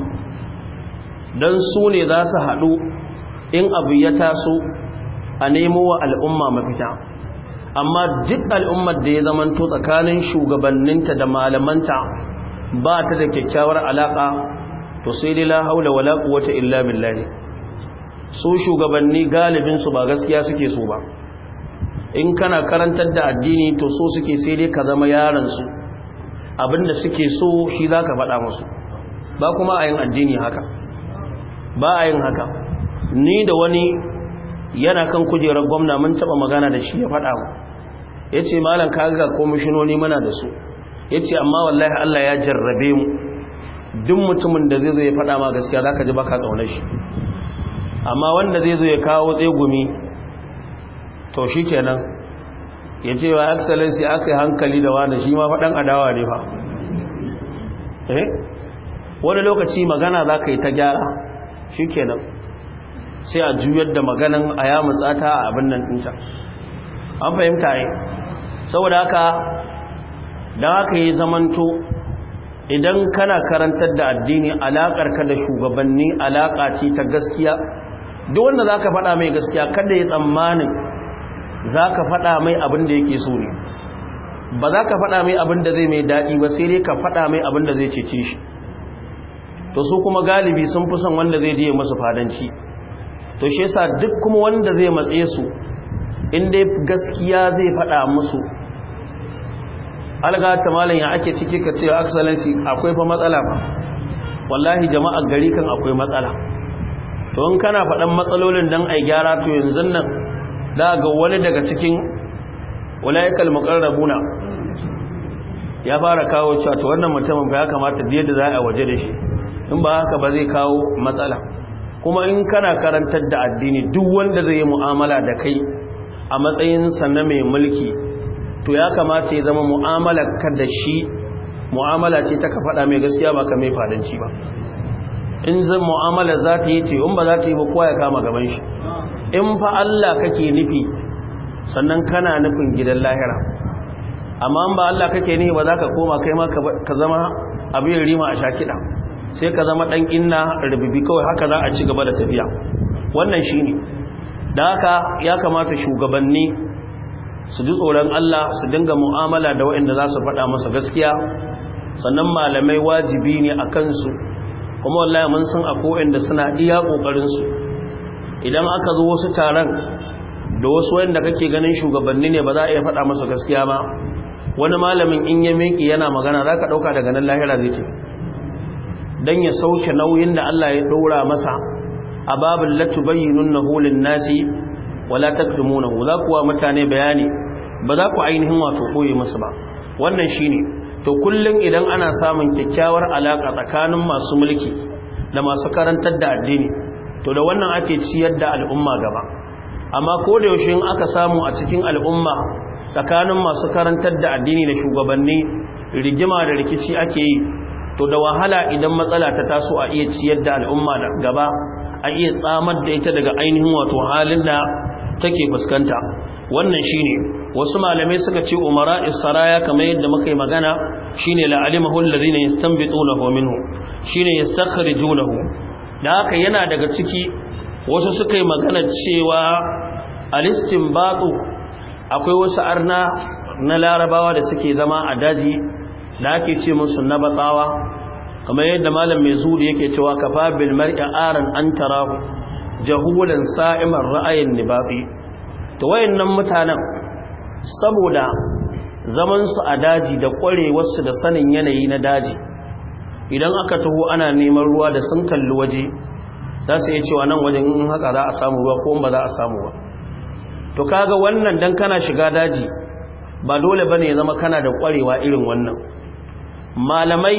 don su ne za su haɗu in abu ya taso a nemo wa al'umma mafita amma duk al'ummar da ya zamanto tsakanin shugabanninta da malamanta ba ta da kyakkyawar alaƙa to sai dai la haula wala quwwata illa billahi su shugabanni galibin su ba gaskiya suke so ba in kana karantar da addini to so suke sai dai ka zama yaran su abinda suke so shi za ka faɗa musu ba kuma a yin addini haka ba a yin haka ni da wani yana kan kujerar gwamna mun taɓa magana da shi ya faɗa mu ya ce malam kaga komishinoni mana da su ya ce amma wallahi Allah ya jarrabe mu duk mutumin da zai zo ya faɗa ma gaskiya za ka ji baka ƙaunar shi amma wanda zai zo ya kawo tsegumi to shi kenan ya ce wa excellency aka yi hankali da wane shi ma faɗan adawa ne ba eh? wani lokaci magana za ka yi ta gyara shi kenan sai a juyar da maganan a ya matsata a abin nan ɗinta an fahimta yi saboda haka da haka yi zamanto idan kana karantar da addini alaƙarka da shugabanni alaƙa ce ta gaskiya duk wanda za ka faɗa mai gaskiya kada ya tsammanin za ka faɗa mai abin da yake so ne ba za ka faɗa mai abin da zai mai daɗi ba sai dai ka faɗa mai abin da zai cece shi to su kuma galibi sun fi son wanda zai je musu fadanci to shi yasa duk kuma wanda zai matse su in dai gaskiya zai faɗa musu alga ta malam ya ake ciki ka ce excellency akwai fa matsala ba wallahi jama'a gari kan akwai matsala to in kana faɗan matsalolin dan ai gyara to yanzu nan da ga wani daga cikin walaikal muqarrabuna ya fara kawo cewa to wannan mutumin ba ya kamata da za a waje da shi in ba haka ba zai kawo matsala kuma in kana karantar da addini duk wanda zai yi mu'amala da kai a matsayin na mai mulki to ya kamata ya zama mu'amalar ka da shi mu'amala ce ta ka faɗa mai gaskiya ba ka mai fadanci ba in zan mu'amala za ta yi ce in ba za ta yi ba kowa ya kama gaban shi in fa Allah kake nufi sannan kana nufin gidan lahira amma ba Allah kake nufi ba za ka koma kai ma ka zama abin rima a shakida sai ka zama ɗan inna rububi kawai haka za a ci gaba da tafiya wannan shi ne da haka ya kamata shugabanni su ji tsoron Allah su dinga mu'amala da waɗanda za su faɗa masa gaskiya sannan malamai wajibi ne a kansu kuma wallahi mun san akwai waɗanda suna iya ƙoƙarinsu idan aka zo wasu taron da wasu wanda kake ganin shugabanni ne ba za a iya faɗa masa gaskiya ba wani malamin in ya miƙi yana magana za ka ɗauka daga nan lahira zai ce don ya sauke nauyin da Allah ya ɗora masa a babin latubayyinun na hulun nasi wala takdumunahu za kuwa mutane bayani ba za ku ainihin wato ɓoye musu ba wannan shine to kullum idan ana samun kyakkyawar alaƙa tsakanin masu mulki da masu karantar da addini to da wannan ake ciyar da al'umma gaba amma ko da yaushe in aka samu a cikin al'umma tsakanin masu karantar da addini da shugabanni rigima da rikici ake yi to da wahala idan matsala ta taso a iya ciyar da al'umma gaba a iya tsamar da ita daga ainihin wato halin da take fuskanta wannan shine wasu malamai suka ce umara isaraya kamar yadda muka yi magana shine la'alimahu alladhina yastanbitunahu minhu shine yastakhrijunahu da haka yana daga ciki wasu suka yi magana cewa alistin batsu akwai wasu arna na larabawa da suke zama a daji da ake ce musu na batsawa kamar yadda malam mai zuri yake cewa kafa bil mar'i aran an tara jahulan Sa'imar, ra'ayin ta wayan wayannan mutanen saboda zamansu a daji da wasu da sanin yanayi na daji idan aka taho ana neman ruwa da sun kalli waje za su iya cewa nan wajen in haka za a samu ruwa ko ba za a samu ba to kaga wannan dan kana shiga daji ba dole bane ya zama kana da kwarewa irin wannan malamai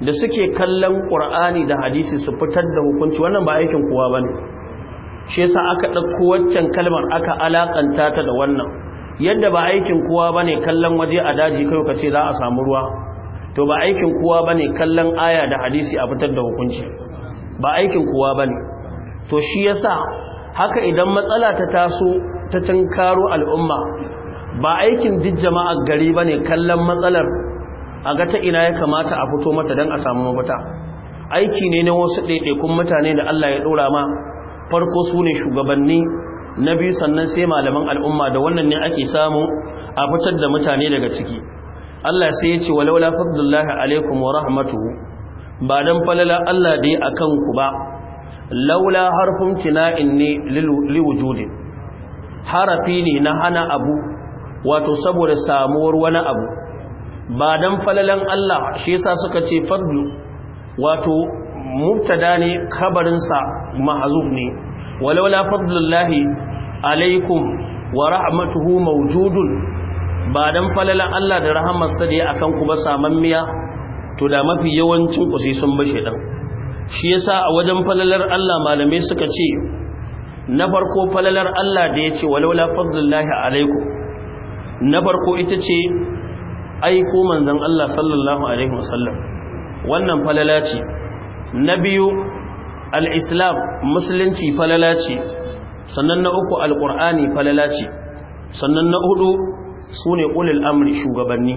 da suke kallon qur'ani da hadisi su fitar da hukunci wannan ba aikin kowa bane shi yasa aka dauko waccan kalmar aka alakanta ta da wannan yadda ba aikin kowa bane kallon waje a daji kai ce za a samu ruwa to ba aikin kowa bane kallon aya da hadisi a fitar da hukunci ba aikin kowa bane to shi yasa haka idan matsala ta taso ta tunkaro al'umma ba aikin duk jama'a gari bane kallon matsalar a ga ta ina ya kamata a fito mata don a samu mafita aiki ne na wasu ɗaiɗaikun mutane da Allah ya ɗora ma farko su ne shugabanni na biyu sannan sai malaman al'umma da wannan ne ake samu a fitar da mutane daga ciki Allah sai ya ce walaula fadlullahi alaikum wa rahmatuhu ba dan falala Allah dai akan ku ba laula harfun tina'in ne liwujudi harafi ne na hana abu wato saboda samuwar wani abu ba dan falalan Allah shi yasa suka ce fadlu wato mubtada ne kabarinsa sa mahzuf ne walaula fadlullahi alaikum wa rahmatuhu mawjudun ba dan falalan Allah da rahamarsa da ya akan ku ba samammiya to da mafi yawancin ku sai sun bashe dan shi yasa a wajen falalar Allah malamai suka ce na farko falalar Allah da yace walaula fadlullahi alaikum na farko ita ce aiko manzon Allah sallallahu alaihi wasallam wannan falala ce na biyu al-islam musulunci falala ce sannan na uku al falala ce sannan na hudu su ne ulil amri shugabanni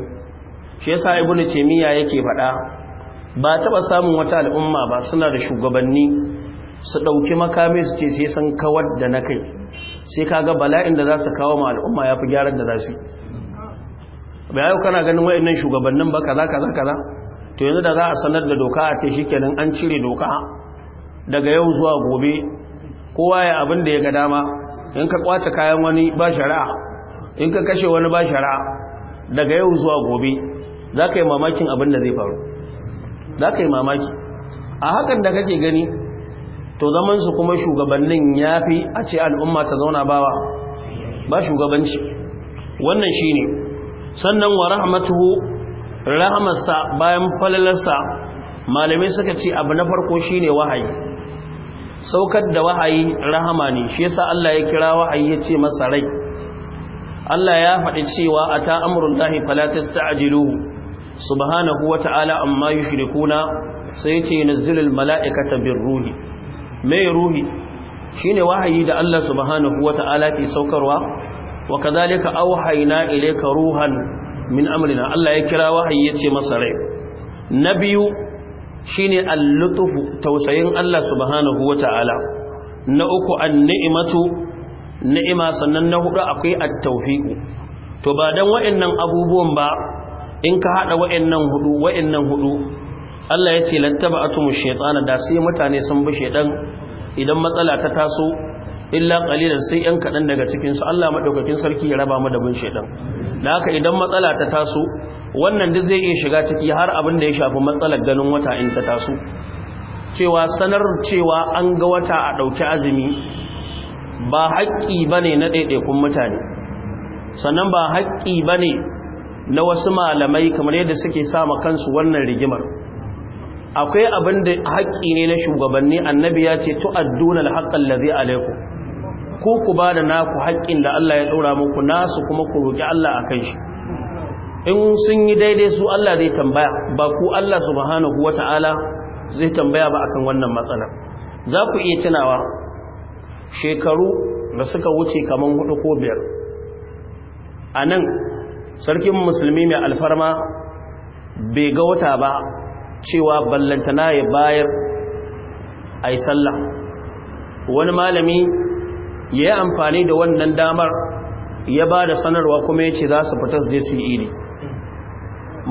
shi yasa ibnu taymiya yake faɗa ba taba samun wata al'umma ba suna da shugabanni su ɗauki makami su ce sai sun kawar da na kai sai kaga bala'in da za su kawo ma al'umma ya fi gyaran da za su kana ganin wa'annan shugabannin ba kaza kaza kaza to yanzu da za a sanar da doka a ce shikenan an cire doka daga yau zuwa gobe kowa ya abin da ya ga dama in ka kwace kayan wani ba shari'a in ka kashe wani ba shara daga yau zuwa gobe za ka yi mamakin abin da zai faru za ka yi mamaki a hakan da kake gani to zamansu kuma shugabannin ya fi a ce al'umma ta zauna bawa ba shugabanci wannan shi ne sannan wa rahmatu rahamarsa bayan falalarsa malamai suka ce abu na farko shi ne wahayi saukar da wahayi rahama ne shi yasa Allah ya kira wahayi ya ce masa rai Allah ya faɗi cewa ata amrullahi fala tasta'jiluhu subhanahu wata'ala amma yushrikuna sai na yunzilul mala'ikata ruhi mai ruhi ne wahayi da Allah subhanahu wata'ala ke saukarwa wa auhaina ile ka ruhan min amrina Allah ya kira wahayi yace masa rai Na biyu shine al-lutfu tausayin Allah subhanahu wata'ala na uku an ni'imatu ni'ima sannan na hudu akwai at-tawfiq to ba dan wayannan abubuwan ba in ka hada wayannan hudu wayannan hudu Allah ya ce lattaba'atum ash da sai mutane sun bi shedan idan matsala ta taso illa qalilan sai yan kadan daga cikin su Allah madaukakin sarki ya raba mu da bin shedan dan haka idan matsala ta taso wannan duk zai iya shiga ciki har abin da ya shafi matsalar ganin wata in ta taso cewa sanar cewa an ga wata a dauki azumi ba haƙƙi ba ne na ɗaiɗaikun mutane sannan ba haƙƙi ba ne na wasu malamai kamar yadda suke sama kansu wannan rigimar akwai abin da haƙƙi ne na shugabanni annabi ya ce tu'adduna addunar haqqal ladhi alaykum ku ku ba da naku haƙƙin da Allah ya tsora muku nasu kuma ku roƙi Allah akan shi in sun yi daidai su Allah zai tambaya ba ku Allah subhanahu wata'ala zai tambaya ba akan wannan matsala za ku iya tunawa shekaru da suka wuce kamar hudu ko biyar a nan sarkin musulmi mai alfarma bai ga wata ba cewa ballantana ya bayar a yi sallah wani malami ya yi amfani da wannan damar ya ba da sanarwa kuma ya ce za su fita su idi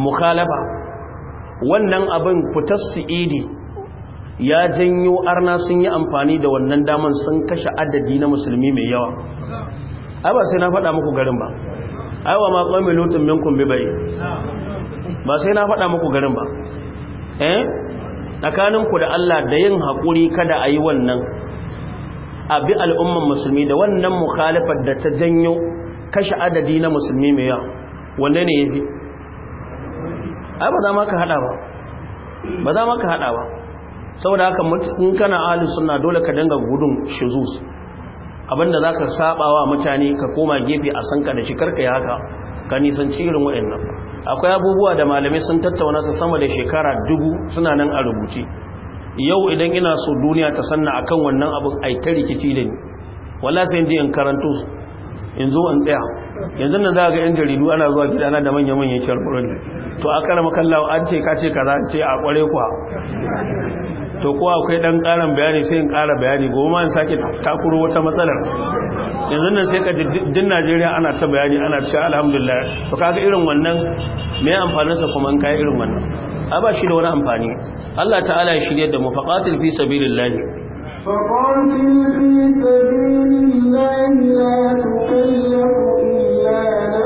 mukhalafa wannan abin fitar su idi ya janyo arna sun yi amfani da wannan daman sun kashe adadi na musulmi mai yawa ai ba sai na faɗa muku garin ba ai wa ma qawmi lutun kun bi bai ba sai na faɗa muku garin ba eh tsakaninku da Allah da yin haƙuri kada a yi wannan abi al'umman musulmi da wannan mukhalifar da ta janyo kashe adadi na musulmi mai yawa wanda ne yafi ai ba za ma ka haɗa ba ba za ma ka haɗa ba saboda haka in kana ahli sunna dole ka danga gudun shuzuz abinda zaka sabawa mutane ka koma gefe a sanka da shi karka ya haka ka nisan irin wayannan akwai abubuwa da malamai sun tattauna ta sama da shekara dubu suna nan a rubuce yau idan ina so duniya ta sanna akan wannan abin ai ta rikici da ni wallahi sai in karanto in zo in tsaya yanzu nan za ga yan jaridu ana zuwa gidana da manya manyan kyarkuran to a karama kallawa an ce ka ce kaza ce a kware kuwa to ko akwai dan karan bayani sai in kara bayani goma in sake takuro wata matsalar yanzu nan sai ka din Najeriya ana ta bayani ana ce alhamdulillah to kaga irin wannan me amfanin sa kuma in kai irin wannan a ba shi da wani amfani Allah ta'ala ya shirye da mu fi sabilillah faqatil fi sabilillah la tukallafu illa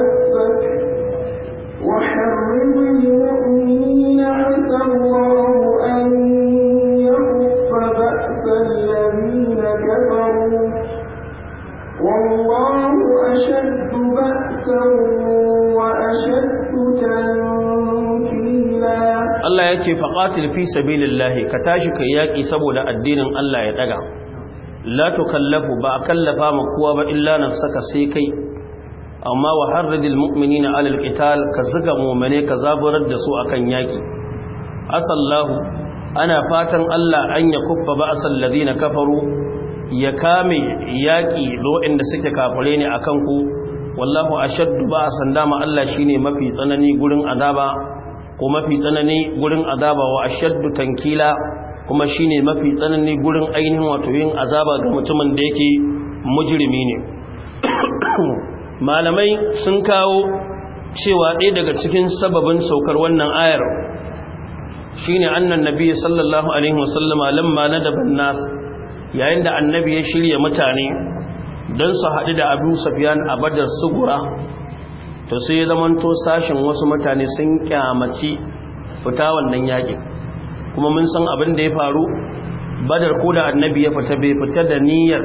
أشد بأسا وأشد تنكيلا Allah ya ce fi sabilillahi, ka tashi ka yaƙi saboda addinin Allah ya ɗaga. Lato kallafu ba a kallafa ma kuwa ba illa na saka sai kai, amma wa harradil mu'mini na alalƙital ka ziga momane ka zaburar da su akan yaki. yaƙi. Asallahu, ana fatan Allah an ya kuffa ba a sallazi na kafaru ya kame yaƙi da suke kafure ne a kanku wallahu a shaddu ba a sanda ma Allah shi ne mafi tsanani gurin azaba ko mafi tsanani gurin azaba wa a shaddu tankila kuma shi ne mafi tsanani gurin ainihin wato yin azaba ga mutumin da yake mujirimi ne malamai sun kawo cewa ɗaya daga cikin sababin saukar wannan ayar shine annan nabi sallallahu alaihi wasallama lamma na daban nas yayin da annabi ya shirya mutane don su haɗu da abu safiyan a badar sugura to sai zaman to sashen wasu mutane sun kyamaci fita wannan yaƙi kuma mun san abin da ya faru badar ko da annabi ya fita bai fita da niyyar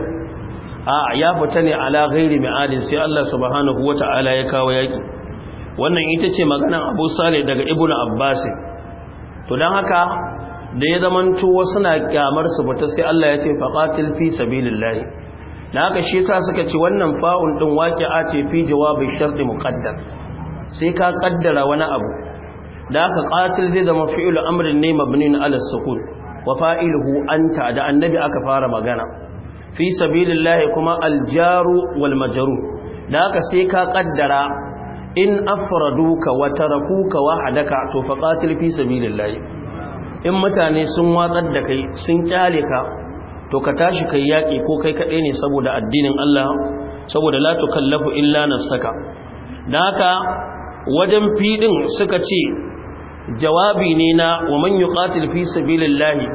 a ya fita ne ala ghairi mi'adin sai Allah subhanahu ta'ala ya kawo yaƙi wannan ita ce maganan Abu sale daga na Abbas to dan haka da ya zamanto wasu na kyamar su fita sai Allah ya ce faqatil fi sabilillah da haka shi yasa suka ci wannan fa'un din waqi'a ce fi jawabi sharti muqaddar sai ka kaddara wani abu da haka qatil zai zama fi'il amrin ne mabnin ala sukun wa fa'iluhu anta da annabi aka fara magana fi sabilillah kuma aljaru wal majrur da haka sai ka kaddara in afraduka wa tarakuka wahadaka, to faqatil fi in mutane sun watsar da kai sun kyale ka to ka tashi kai yaƙi ko kai kaɗai ne saboda addinin Allah saboda la tukallafu illa nafsaka dan haka wajen fidin suka ce jawabi ne na wa man yuqatil fi sabilillahi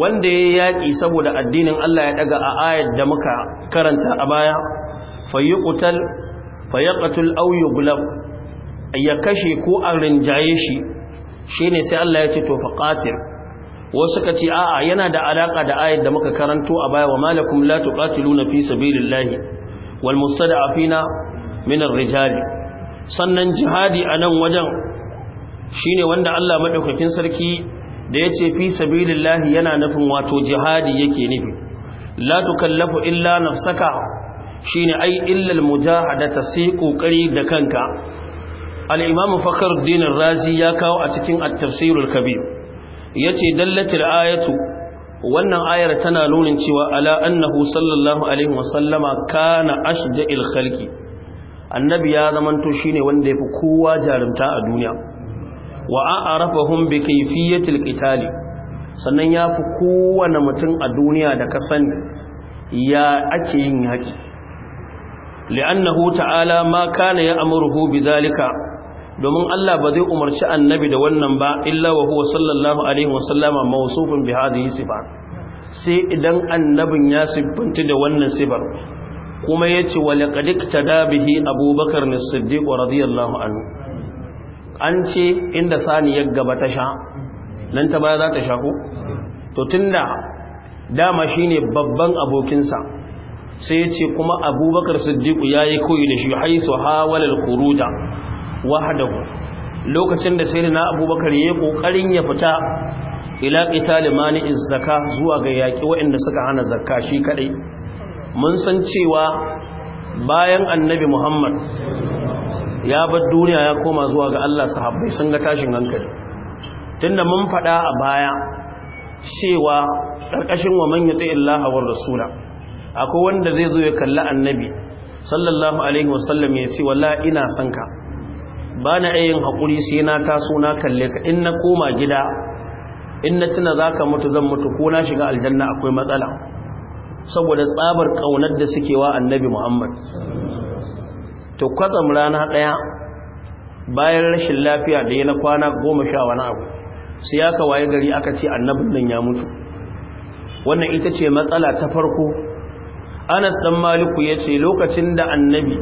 wanda ya yaƙi saboda addinin Allah ya daga a ayar da muka karanta a baya fayuqtal fayaqtul aw yughlab ya kashe ko a rinjaye shi shine sai Allah ya ce to faqatil wasu ka ce a'a yana da alaka da ayat da muka karanto a baya wa malakum la tuqatiluna fi sabilillahi wal mustada'afina min ar-rijal sannan jihadi a nan wajen shine wanda Allah madaukakin sarki da yace fi sabilillahi yana nufin wato jihadi yake nufi la tukallafu illa nafsaka shine ai illa al-mujahadata sai kokari da kanka al-imam razi ya kawo a cikin tafsirul kabir yace dallatul ayatu wannan ayar tana nunin cewa ala annahu sallallahu alaihi wasallama kana ashda'il ilhalki? annabi ya zamanto shine wanda yafi kowa jarumta a duniya wa hun bi kayfiyatil qitali sannan yafi kowane mutum a duniya da ka sani ya ake yin haƙi li'annahu ta'ala ma kana ya'muruhu zalika domin Allah ba zai umarci annabi da wannan ba illa wa huwa sallallahu alaihi wa sallama mawsufun bi hadhihi sifa sai idan annabin ya siffanta da wannan sifar kuma yace wa laqad iktada bihi abubakar as-siddiq radiyallahu anhu an ce inda sani ya gaba ta sha nan ta baya za ta sha ko to tunda dama shine babban abokinsa sai yace kuma abubakar siddiq yayi koyi da shi haisu hawalal khuruja wahdahu lokacin da sai na abubakar yayi kokarin ya fita ila qital mani'iz zakka zuwa ga yaki waɗanda suka hana zakka shi kaɗai, mun san cewa bayan annabi muhammad ya bar duniya ya koma zuwa ga allah sahabbai sun ga tashin hankali tunda mun faɗa a baya cewa ƙarƙashin wa man yuti illaha war rasula akwai wanda zai zo ya kalli annabi sallallahu alaihi wasallam ya ce wala ina son ka ba na yin haƙuri sai na taso na kalle ka in na koma gida in na tuna za ka mutu zan mutu ko na shiga aljanna akwai matsala saboda tsabar ƙaunar da suke wa annabi muhammad to kwatsam rana ɗaya bayan rashin lafiya da ya na kwana goma sha wani abu sai ya kawaye gari aka ce annabin nan ya mutu wannan ita ce matsala ta farko anas dan maliku ya ce lokacin da annabi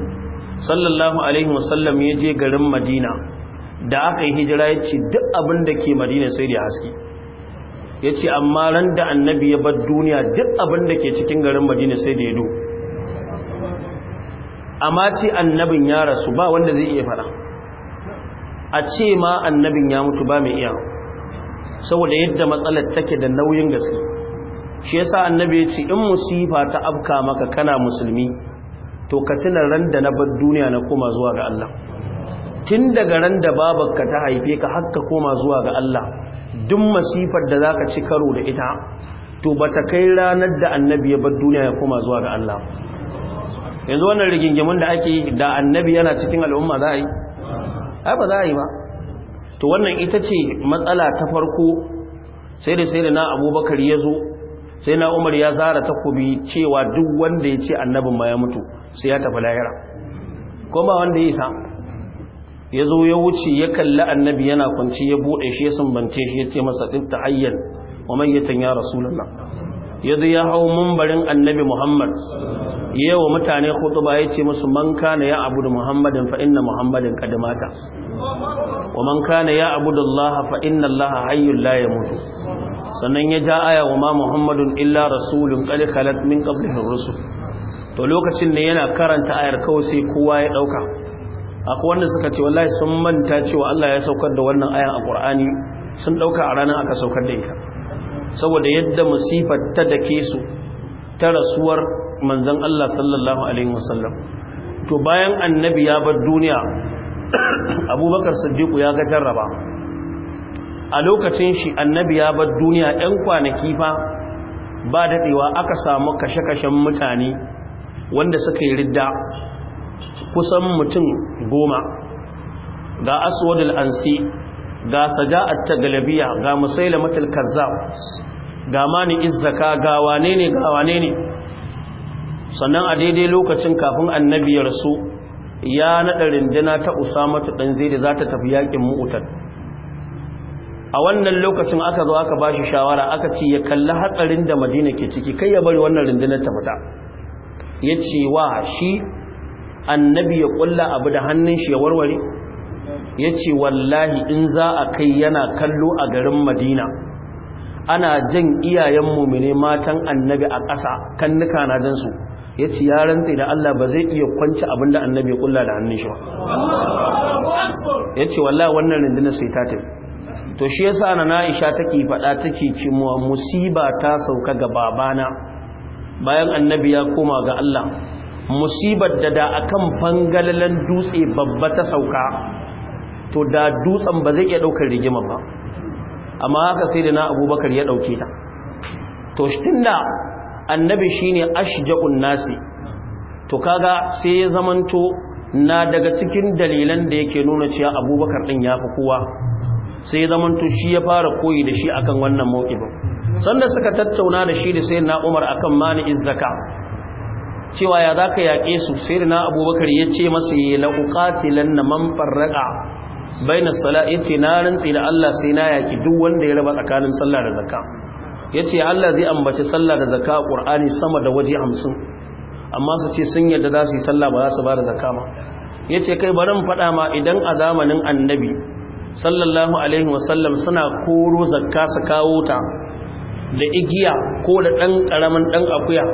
sallallahu alaihi wasallam ya je garin madina da aka yi hijira ya ce duk abin da ke madina sai da haske ya ce amma ran da annabi ya bar duniya duk abin da ke cikin garin madina sai da ya do amma ce annabin ya rasu ba wanda zai iya fara a ce ma annabin ya mutu ba mai iya saboda yadda matsalar take da nauyin gaske shi yasa annabi ya ce in musifa ta afka maka kana musulmi to ka tuna ran da na bar duniya na koma zuwa ga Allah tun daga ran da ta haife ka har ka koma zuwa ga Allah duk masifar da zaka ci karo da ita to bata kai ranar da annabi ya bar duniya ya koma zuwa ga Allah yanzu wannan rigingimin da ake da annabi yana cikin al'umma za a yi ai ba za a yi ba to wannan ita ce matsala ta farko sai da sai da na abubakar ya zo sai na umar ya zara takobi cewa duk wanda ya ce annabin ma ya mutu sai ya tafi lahira ko ba wanda ya isa ya zo ya wuce ya kalli annabi yana kwanci ya buɗe shi ya sumbance shi ya ce masa ɗin ta ayyan wa mayyatan ya rasulallah ya zo ya hau mumbarin annabi muhammad ya wa mutane khutuba ya ce musu man kana ya abudu muhammadin fa inna muhammadin kadimata wa man kana ya abudu allaha fa inna allaha hayyul la yamutu sannan ya ja aya wa ma muhammadun illa rasulun qad khalat min qablihi rusul to lokacin ne yana karanta ayar kawai sai kowa ya dauka akwai wanda suka ce wallahi sun manta cewa Allah ya saukar da wannan ayar a Qur'ani sun dauka a ranar aka saukar da ita saboda yadda musifar ta dake su ta rasuwar manzon Allah sallallahu alaihi wasallam to bayan annabi ya bar duniya Abubakar Siddiq ya ga jarraba a lokacin shi annabi ya bar duniya ɗan kwanaki fa ba daɗewa aka samu kashe-kashen mutane wanda suka yi ridda kusan mutum goma ga aswadul ansi ga saja saja'at tagalabiya ga musailamatul kazzab ga mani izzaka ga wane ne ga wane ne sannan a daidai lokacin kafin annabi ya rasu ya naɗa rindina ta usamatu ɗan zai da za ta tafi yaƙin mu'utar a wannan lokacin aka zo aka ba shi shawara aka ce ya kalli hatsarin da madina ke ciki kai ya bari wannan rundunar ta fita ya ce wa shi annabi ya kulla abu da hannun shi ya warware ya ce wallahi in za a kai yana kallo a garin madina ana jan iyayen mumine matan annabi a ƙasa kan nuka na jansu ya ce ya rantse da Allah ba zai iya kwanci abin da annabi ya kulla da hannun shi ba ya ce wallahi wannan rundunar sai ta tafi to shi yasa na Aisha take faɗa take cewa musiba ta sauka ga babana bayan annabi ya koma ga Allah musibar da da akan fangalalan dutse babba ta sauka to da dutsen ba zai iya daukar rigima ba amma haka sai da na Abubakar ya dauke ta to tunda annabi shine ashja'un nasi to kaga sai ya zamanto na daga cikin dalilan da yake nuna cewa Abubakar din fi kowa sai ya zamanto shi ya fara koyi da shi akan wannan mawqifin sanda suka tattauna da shi da na Umar akan mani izaka cewa ya zaka yaƙe su sayyidina Abubakar ce masa la na man farraqa baina salati na rantsi da Allah sai na yaƙi duk wanda ya raba tsakanin sallah da zakka yace Allah zai ambaci sallah da zakka Qur'ani sama da waje 50 amma su ce sun yarda za su yi sallah ba za su ba da zakka ma yace kai barin faɗa ma idan a zamanin annabi sallallahu alaihi wasallam suna koro zakka su kawo ta da igiya ko da ɗan ƙaramin ɗan akuya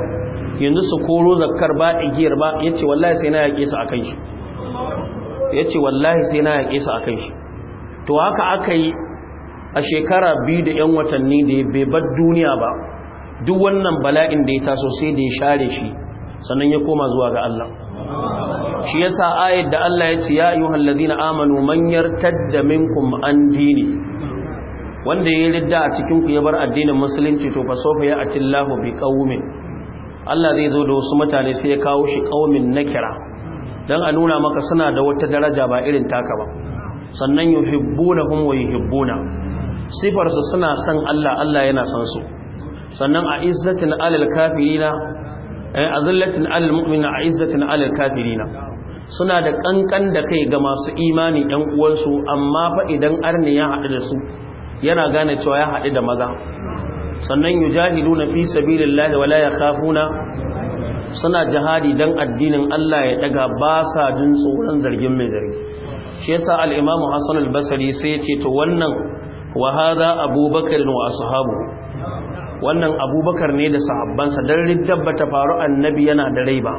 yanzu su koro zakkar ba igiyar ba ya ce wallahi sai na yake su akan shi ya wallahi sai na yake su akan shi to haka aka yi a shekara biyu da 'yan watanni da ya bar duniya ba duk wannan bala'in da ya taso sai da ya share shi sannan ya koma zuwa ga Allah shi yasa ayat da Allah ya ce ya ayyuhal ladina amanu man yartadda minkum an dini wanda ya ridda a cikin ku ya bar addinin musulunci to fa sofa ya atillahu bi qaumin Allah zai zo da wasu mutane sai ya kawo shi qaumin nakira dan a nuna maka suna da wata daraja ba irin taka ba sannan yuhibbunahum wa yuhibbuna sifar su suna san Allah Allah yana san su sannan a izzatin alal kafirina Eh, azillatin al-mu'mina izzatin al-kafirina suna da kankan da kai ga masu imani ɗan uwansu amma fa idan arni ya haɗu da su yana gane cewa ya haɗu da maza sannan na fi sabilillahi wala kafuna suna jihadi dan addinin Allah ya daga ba sa jin tsoron zargin mai zargi shi yasa al-imamu Hassan al-Basri sai ya ce to wannan wa hadha Abubakar wa ashabu wannan abubakar ne da sahabbansa don riddabba ta faru annabi yana da rai ba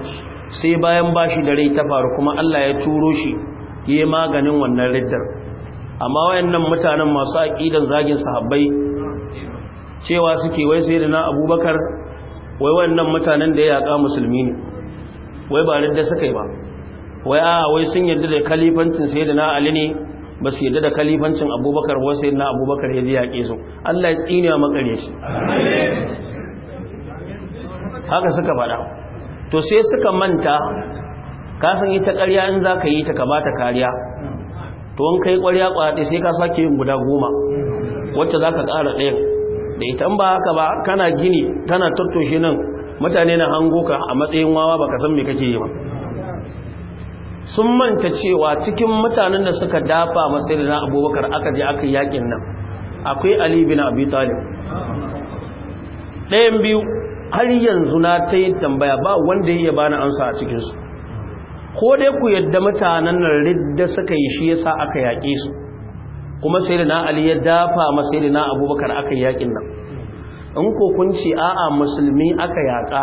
sai bayan ba shi da rai ta faru kuma allah ya turo shi ya yi maganin wannan riddar amma wayannan mutanen masu aƙidan zagin sahabbai cewa suke wai sai da na abubakar wai wayannan mutanen da ya yaƙa musulmi ne wai ba riddar suka yi ba wai a wai sun yarda da kalifancin sai da na ali ne ba su yadda da kalifancin abubakar ba sai na abubakar ya ji yaƙe su allah ya tsini a makare shi haka suka faɗa to sai suka manta kasan ta ƙarya in za ka yi ta kamata kariya to in kai ƙwarya ƙwaɗe sai ka sake yin guda goma wacce za ka ƙara ɗayan da ita ba haka ba kana gini kana tattoshe nan mutane na hango ka a matsayin wawa ba ka san me kake yi ba sun manta cewa cikin mutanen da suka dafa na abubakar aka je aka yakin nan akwai ali bin abi talib ɗayan biyu har yanzu na ta yi tambaya ba wanda ya bani ansa a cikinsu ko dai ku yadda mutanen nan ridda suka yi shi yasa aka yaƙe su kuma na ali ya dafa ma na abubakar aka yaƙin nan in ko kun ce a'a musulmi aka yaƙa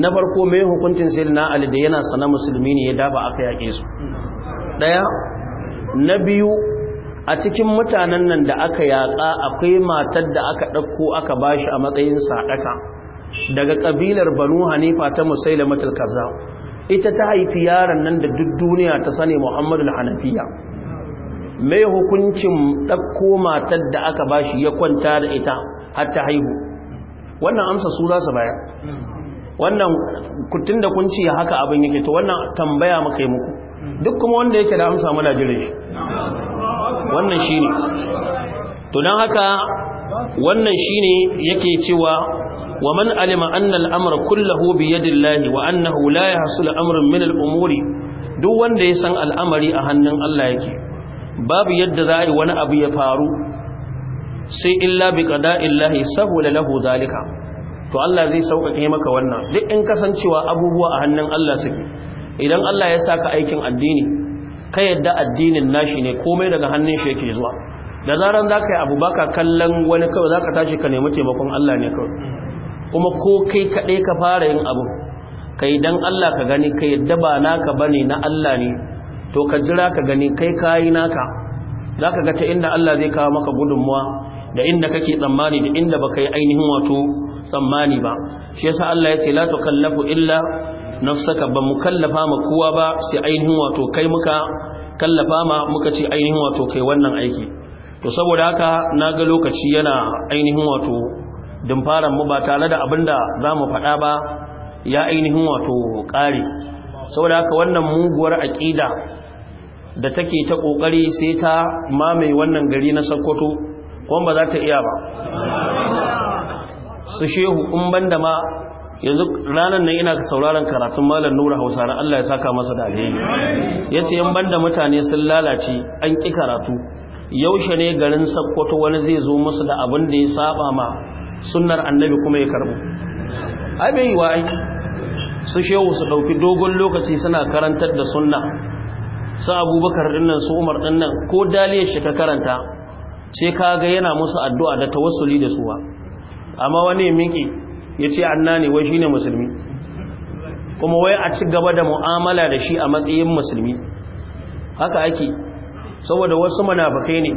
na farko mai hukuncin sayyidina ali da yana sana musulmi ne ya daba aka yake su daya na biyu a cikin mutanen nan da aka yaƙa akwai matar da aka ɗauko aka bashi a matsayin sadaka daga kabilar banu hanifa ta musailamatul kaza ita ta haifi yaron nan da duk duniya ta sani Muhammadu hanafiya mai hukuncin ɗauko matar da aka bashi ya kwanta da ita har ta haihu wannan amsa su su wannan kutun da kun ci haka abin yake to wannan tambaya muka yi muku duk kuma wanda yake da amsa muna jirin shi wannan shi ne to don haka wannan shi ne yake cewa ومن علم kulla الأمر كله بيد الله وأنه لا يحصل أمر من umuri. duk wanda ya san al'amari a hannun Allah yake babu yadda za a yi wani abu ya faru sai illa bi ƙada'illahi saboda lahu zalika to Allah zai sauƙaƙe maka wannan duk in kasancewa abubuwa a hannun Allah suke idan Allah ya saka aikin addini ka yadda addinin nashi ne komai daga hannun shi yake zuwa da zaran za ka yi abu baka kallon wani kawai za ka tashi ka nemi taimakon Allah ne kawai kuma ko kai kaɗai ka fara yin abu ka yi don Allah ka gani ka yadda ba naka bane na Allah ne to ka jira ka gani kai kayi naka za ka ga ta inda Allah zai kawo maka gudunmuwa da inda kake tsammani da inda ba ka yi ainihin wato tsammani ba shi yasa Allah ya ce la tukallafu illa nafsaka ba mu ma kowa ba sai ainihin wato kai muka kallafa ma muka ce ainihin wato kai wannan aiki to saboda haka na ga lokaci yana ainihin wato dimfaran mu ba tare da abinda za mu faɗa ba ya ainihin wato ƙare saboda haka wannan muguwar aƙida da take ta ƙoƙari sai ta mamaye wannan gari na sakkwato kuma ba za ta iya ba su shehu in banda ma yanzu ranar nan ina sauraron karatun malam nura hausa na Allah ya saka masa da alheri ya ce yan banda mutane sun lalace an ƙi karatu yaushe ne garin sakkwato wani zai zo musu da abin da ya saba ma sunnar annabi kuma ya karbo abin yi wa'ai su shehu su ɗauki dogon lokaci suna karantar da sunna su abubakar dinnan su umar dinnan ko daliyar shi ka karanta sai kaga yana musu addu'a da tawassuli da suwa amma wani miki ya ce anna ne wai ne musulmi kuma wai a ci gaba da mu'amala da shi a matsayin musulmi haka ake saboda wasu manafakai ne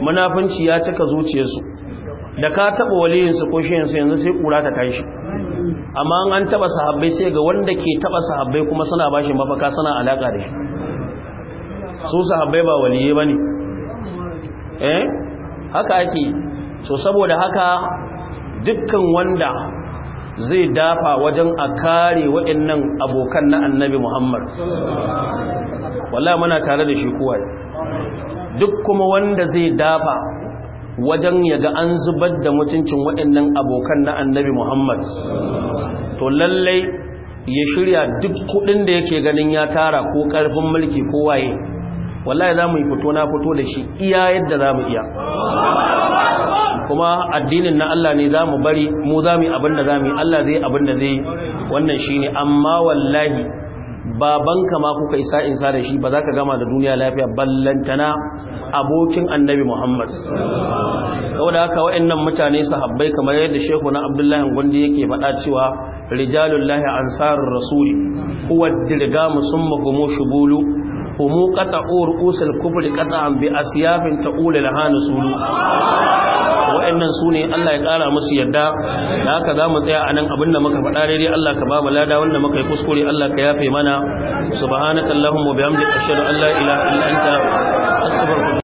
munafunci ya cika zuciyarsu da ka taba waliyinsu ko shiyansu yanzu sai kura ta kai shi amma an taba sahabbai sai ga wanda ke taba sahabbai kuma suna bashi mafaka suna alaka da shi su sahabbai ba waliye ba eh haka ake so saboda haka dukkan wanda zai dafa wajen a kare waɗannan abokan na annabi Muhammad walla muna tare da shi kuwa duk kuma wanda zai dafa wajen yaga an zubar da mutuncin waɗannan abokan na annabi Muhammad to lallai ya shirya duk kudin da yake ganin ya tara ko karfin mulki ko waye wallahi za mu yi fito na fito da shi iya yadda za mu iya kuma addinin na Allah ne za mu bari mu za mu yi abin za mu yi Allah zai abin zai wannan shi ne amma wallahi babanka ma kuka isa insa da shi ba za ka gama da duniya lafiya ballantana abokin annabi muhammad da haka waɗannan mutane sahabbai kamar yadda shehu na abdullahi gundi yake faɗa cewa rijalullahi ansarar rasuli kuwa dirga musamman gumo shubulu humu qata'u ru'usul kufri qata'an bi asyafin da lahana sulu wa'annan sune Allah ya kara musu yadda da haka zamu tsaya a abin abinda muka faɗa daidai Allah ka ba mu lada wanda muka yi kuskure Allah ka yafe mana subhanakallahumma bihamdika ashhadu an la ilaha illa anta astaghfiruka